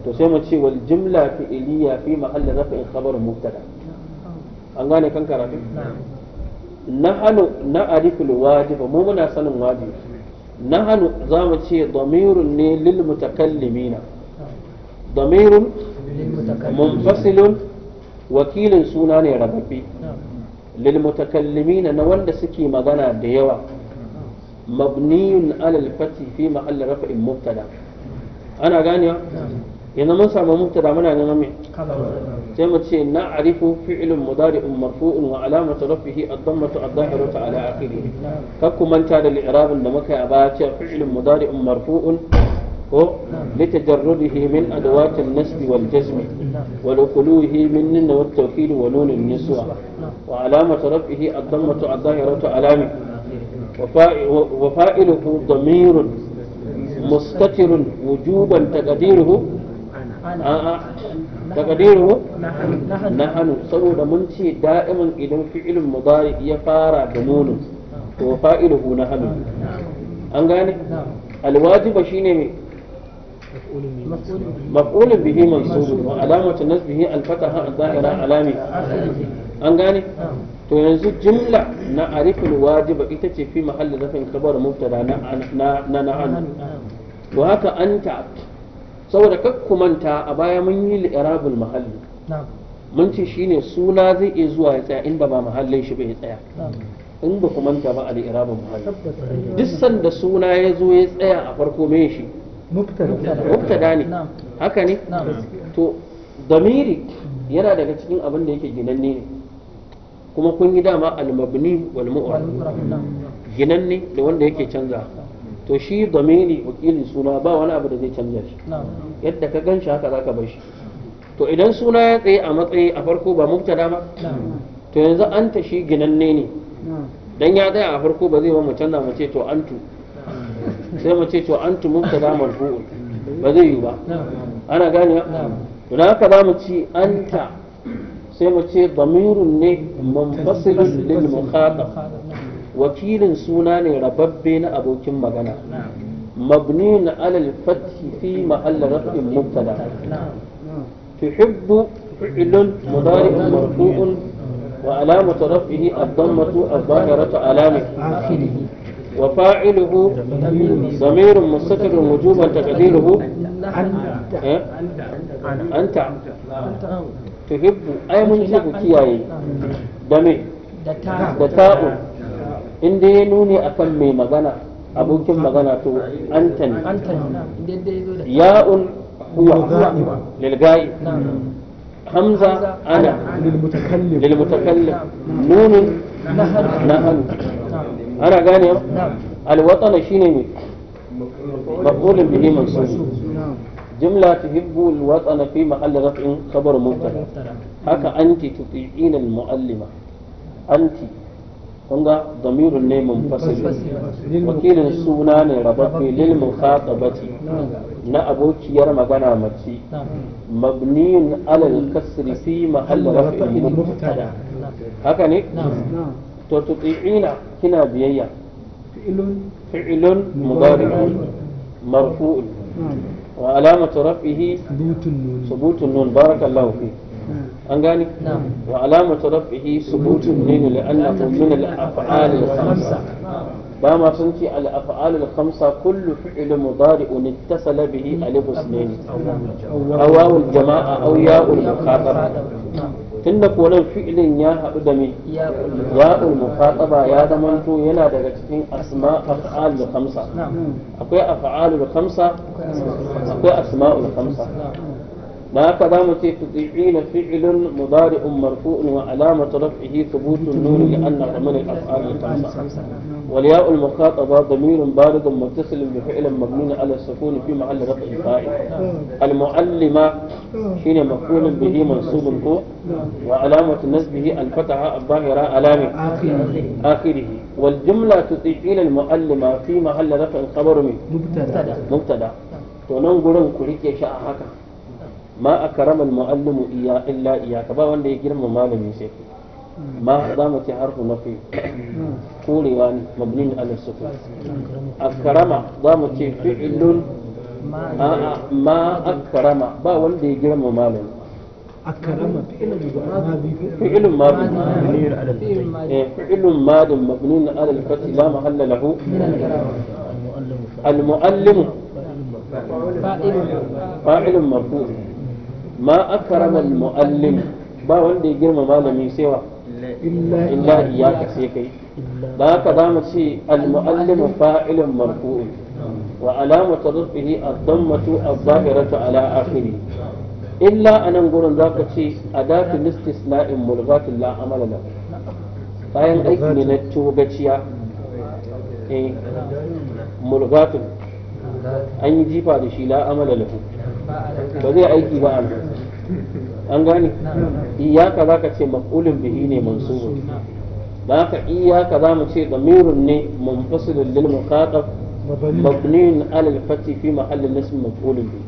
تسمى والجمله mu في wal jumla fi'liya fi an gane kan karatu nahanu na arifin wajiba mu muna sanin wajibi nahanu za mu ce damirun ne lil mutakallimina damirun munfasilun wakilin suna ne rababbi lil mutakallimina na wanda suke magana da yawa mabniyun alal fati fi mahall rafa'in mubtada ana ganewa yanzu mun samu mubtada muna neman me sai mu ce na arifu fi'lun mudari'un marfu'un wa alamatu rafihi ad-dammatu ad-dhahiratu ala akhirih ka ku manta da li'rabin da muka yi a baya cewa fi'lun mudari'un marfu'un ko litajarrudihi min adawati an-nasb wal jazm wa luquluhi min nun wa at-tawkid wa nun an-niswa wa alamatu rafihi ad-dammatu ad-dhahiratu ala وفائله ضمير مستتر وجوبا تقديره a'a takadiru nahanu saboda mun ce da'iman idan fi'ilin mudari ya fara da nunu to fa'iluhu nahanu an gane alwajiba shine me مفعول به منصوب وعلامة نصبه الفتحة الظاهرة علامة an gane to yanzu jimla na arifin wajiba ita ce fi mahallin rafin kabar mubtada na na na to haka anta saboda kak manta a baya mun yi li'irabul mahalli mun ce shine suna zai iya zuwa ya tsaya inda ba mahallin shi bai tsaya in ba ku manta ba al'irabul mahalli duk sanda suna ya zo ya tsaya a farko me shi mubtada ne haka ne to damiri yana daga cikin abin da yake ginanne ne kuma kun yi dama al-mabni wal mu'rab ginanne da wanda yake canza to shi domini wakili suna ba wani abu da zai canza shi yadda ka gan shi haka ka bar shi to idan suna ya tsaye a matsayi a farko ba mubtada ba to yanzu an ta shi ginanne ne dan ya tsaya a farko ba zai ba mu canza mace ce to antu sai mu ce to antu mubtada marfu'un ba zai yi ba ana gane to dan haka za mu ci anta sai mu ce damirun ne mun munfasilun lil mukhatab wakilin سوناني ne rababbe ابو abokin مبنين على الفتح في محل رفع مبتدا تحب فعل مضارع مرفوع وعلامة رفعه الضمة الظاهرة علامة وفاعله ضمير مستتر وجوبا تقديره أنت تحب أي منزل تحب كياي دمي دتاء in dai ya a akan mai magana abokin magana to antan ya'un huwa lilga'i hamza ana lilmutakallim nunin nahanu ana gane alwatsana shine ne مقبول به منصوب جملة تهب الوطن في محل رفع خبر مبتدا هكا أنت تطيعين المعلمة أنت kunga damirun ne munfasil wakilin suna ne rababbe lil mukhatabati na abokiyar magana mace mabniyun alal kasri fi mahalli raf'in mubtada haka ne to tuti'ina kina biyayya fi'ilun mudari'un marfu'un wa alamatu raf'ihi thubutun nun barakallahu fihi an gane wa alamatu rafihi subutun ne la'annahu min al-af'al al-khamsa ba ma sun ce al-af'al al-khamsa kullu fi'l mudari'un ittasala bihi alif isnayn aw jamaa aw ya'ul mukhatab tunda ko nan fi'ilin ya haɗu da me ya'ul mukhataba ya zamanto yana daga cikin asma af'alul khamsa akwai af'alul khamsa akwai asma'ul khamsa ما كلامك تطيعين فعل مضارع مرفوع وعلامة رفعه ثبوت النور لأن عمل الأفعال الخمسة والياء المخاطبة ضمير بارد متصل بفعل مبني على السكون في محل رفع فاعل المعلمة حين مفعول به منصوب هو وعلامة نسبه الفتحة الظاهرة علامة آخره والجملة تطيعين المعلمة في محل رفع الخبر من مبتدأ مبتدأ تنظر كريكي شاء هكذا ما أكرم المعلم muallimu إلا illa كبا وان دي كرم ما لم sai ما ضامة حرف نفي قولي وان مبني على السكون أكرم ضامة فعل ما أكرم با ولدي جرم مالا أكرم فعل ماضي إيه، فعل ماضي مبني على الفتح لا محل له المعلم فاعل مرفوع ma akrama muallim ba wanda ya girma malami sai wa illa iyaka sai kai da haka za mu ce al-muallim fa'ilun marfu'un wa alamatu rufihi ad-dammatu az-zahiratu ala akhiri illa anan gurin zaka ce adatu istisna'in mulghatin la amala aiki ne na togaciya eh mulghatin an yi jifa da shi la amala ba zai aiki ba amma an gane iyaka za ka ce maf'ulin bihi ne mansubun ka iya iyaka za mu ce damirun ne munfasilun lil muqatab mabniun ala al-fati fi mahallin ism maf'ulin bihi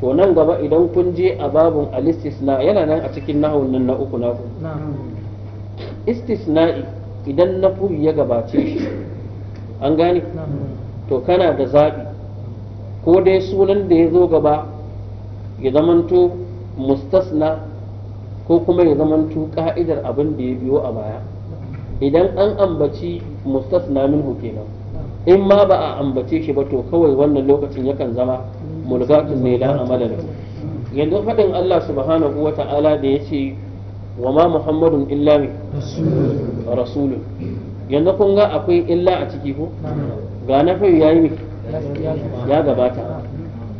to nan gaba idan kun je a babun al na yana nan a cikin nahawun nan na uku na istisna'i idan na ya gabace shi an gane to kana da zaɓi ko dai sunan da ya zo gaba ya zamanto mustasna ko kuma ya tun ka'idar abin da ya biyo a baya idan an ambaci mustasna minhu kenan in ma ba a ambace shi ba to kawai wannan lokacin yakan zama mulgatun ne la amala yanzu faɗin Allah subhanahu wa ta'ala da ya ce wa ma muhammadun illa mi rasulun yanzu kun ga akwai illa a ciki ko ga na yayi mi ya gabata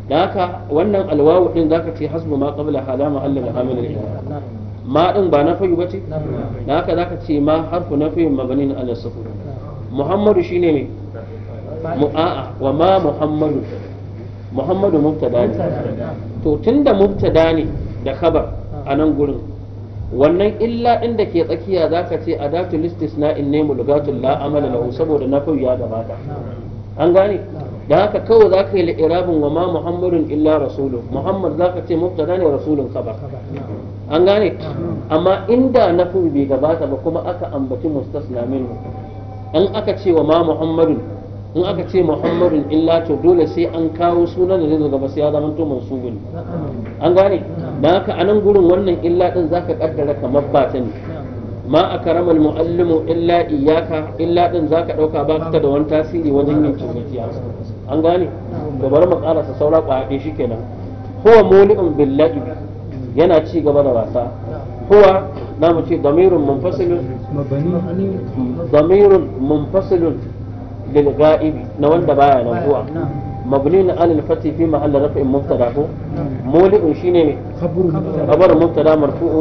da haka wannan alwawu din zaka ce hasbu ma qabla halama Allah da hamil al ma din ba na fayu bace da haka zaka ce ma harfu na fayu mabani ala sukun muhammadu shine me mu'a wa ma muhammadu muhammadu mubtada ne to tunda mubtada ne da khabar a nan gurin wannan illa din da ke tsakiya zaka ce adatul istisna'in ne mulgatul la amala lahu saboda na fayu ya gabata an gane da haka kawai za ka yi lairabin wa ma muhammadun illa rasulun muhammad za ka ce mubtada ne rasulun kaba an gane amma inda nafin bai gabata ba kuma aka ambaci mustasna minhu an aka ce wa ma muhammadun in aka ce muhammadun illa to dole sai an kawo sunan da zai gaba sai ya zama to mansubun an gane da haka a nan gurin wannan illa din zaka kaddara kamar ba ta ne ma akrama almuallimu illa iyaka illa din zaka ɗauka ba ta da wani tasiri wajen yin cikin an gane to bari mu karasa saura kwaɗe shi kenan huwa muli'un bil yana ci gaba da wasa huwa na mu ce damirun munfasilun damirun munfasilun lil ga'ibi na wanda baya nan huwa مبني على الفتح في محل رفع مبتدا مولئ شيني خبر مبتدا مرفوع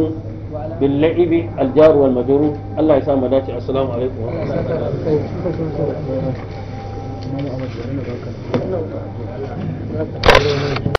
باللعب الجار والمجرور الله يسامح داتي السلام عليكم ورحمه الله Mama Ahmad, bari na baka.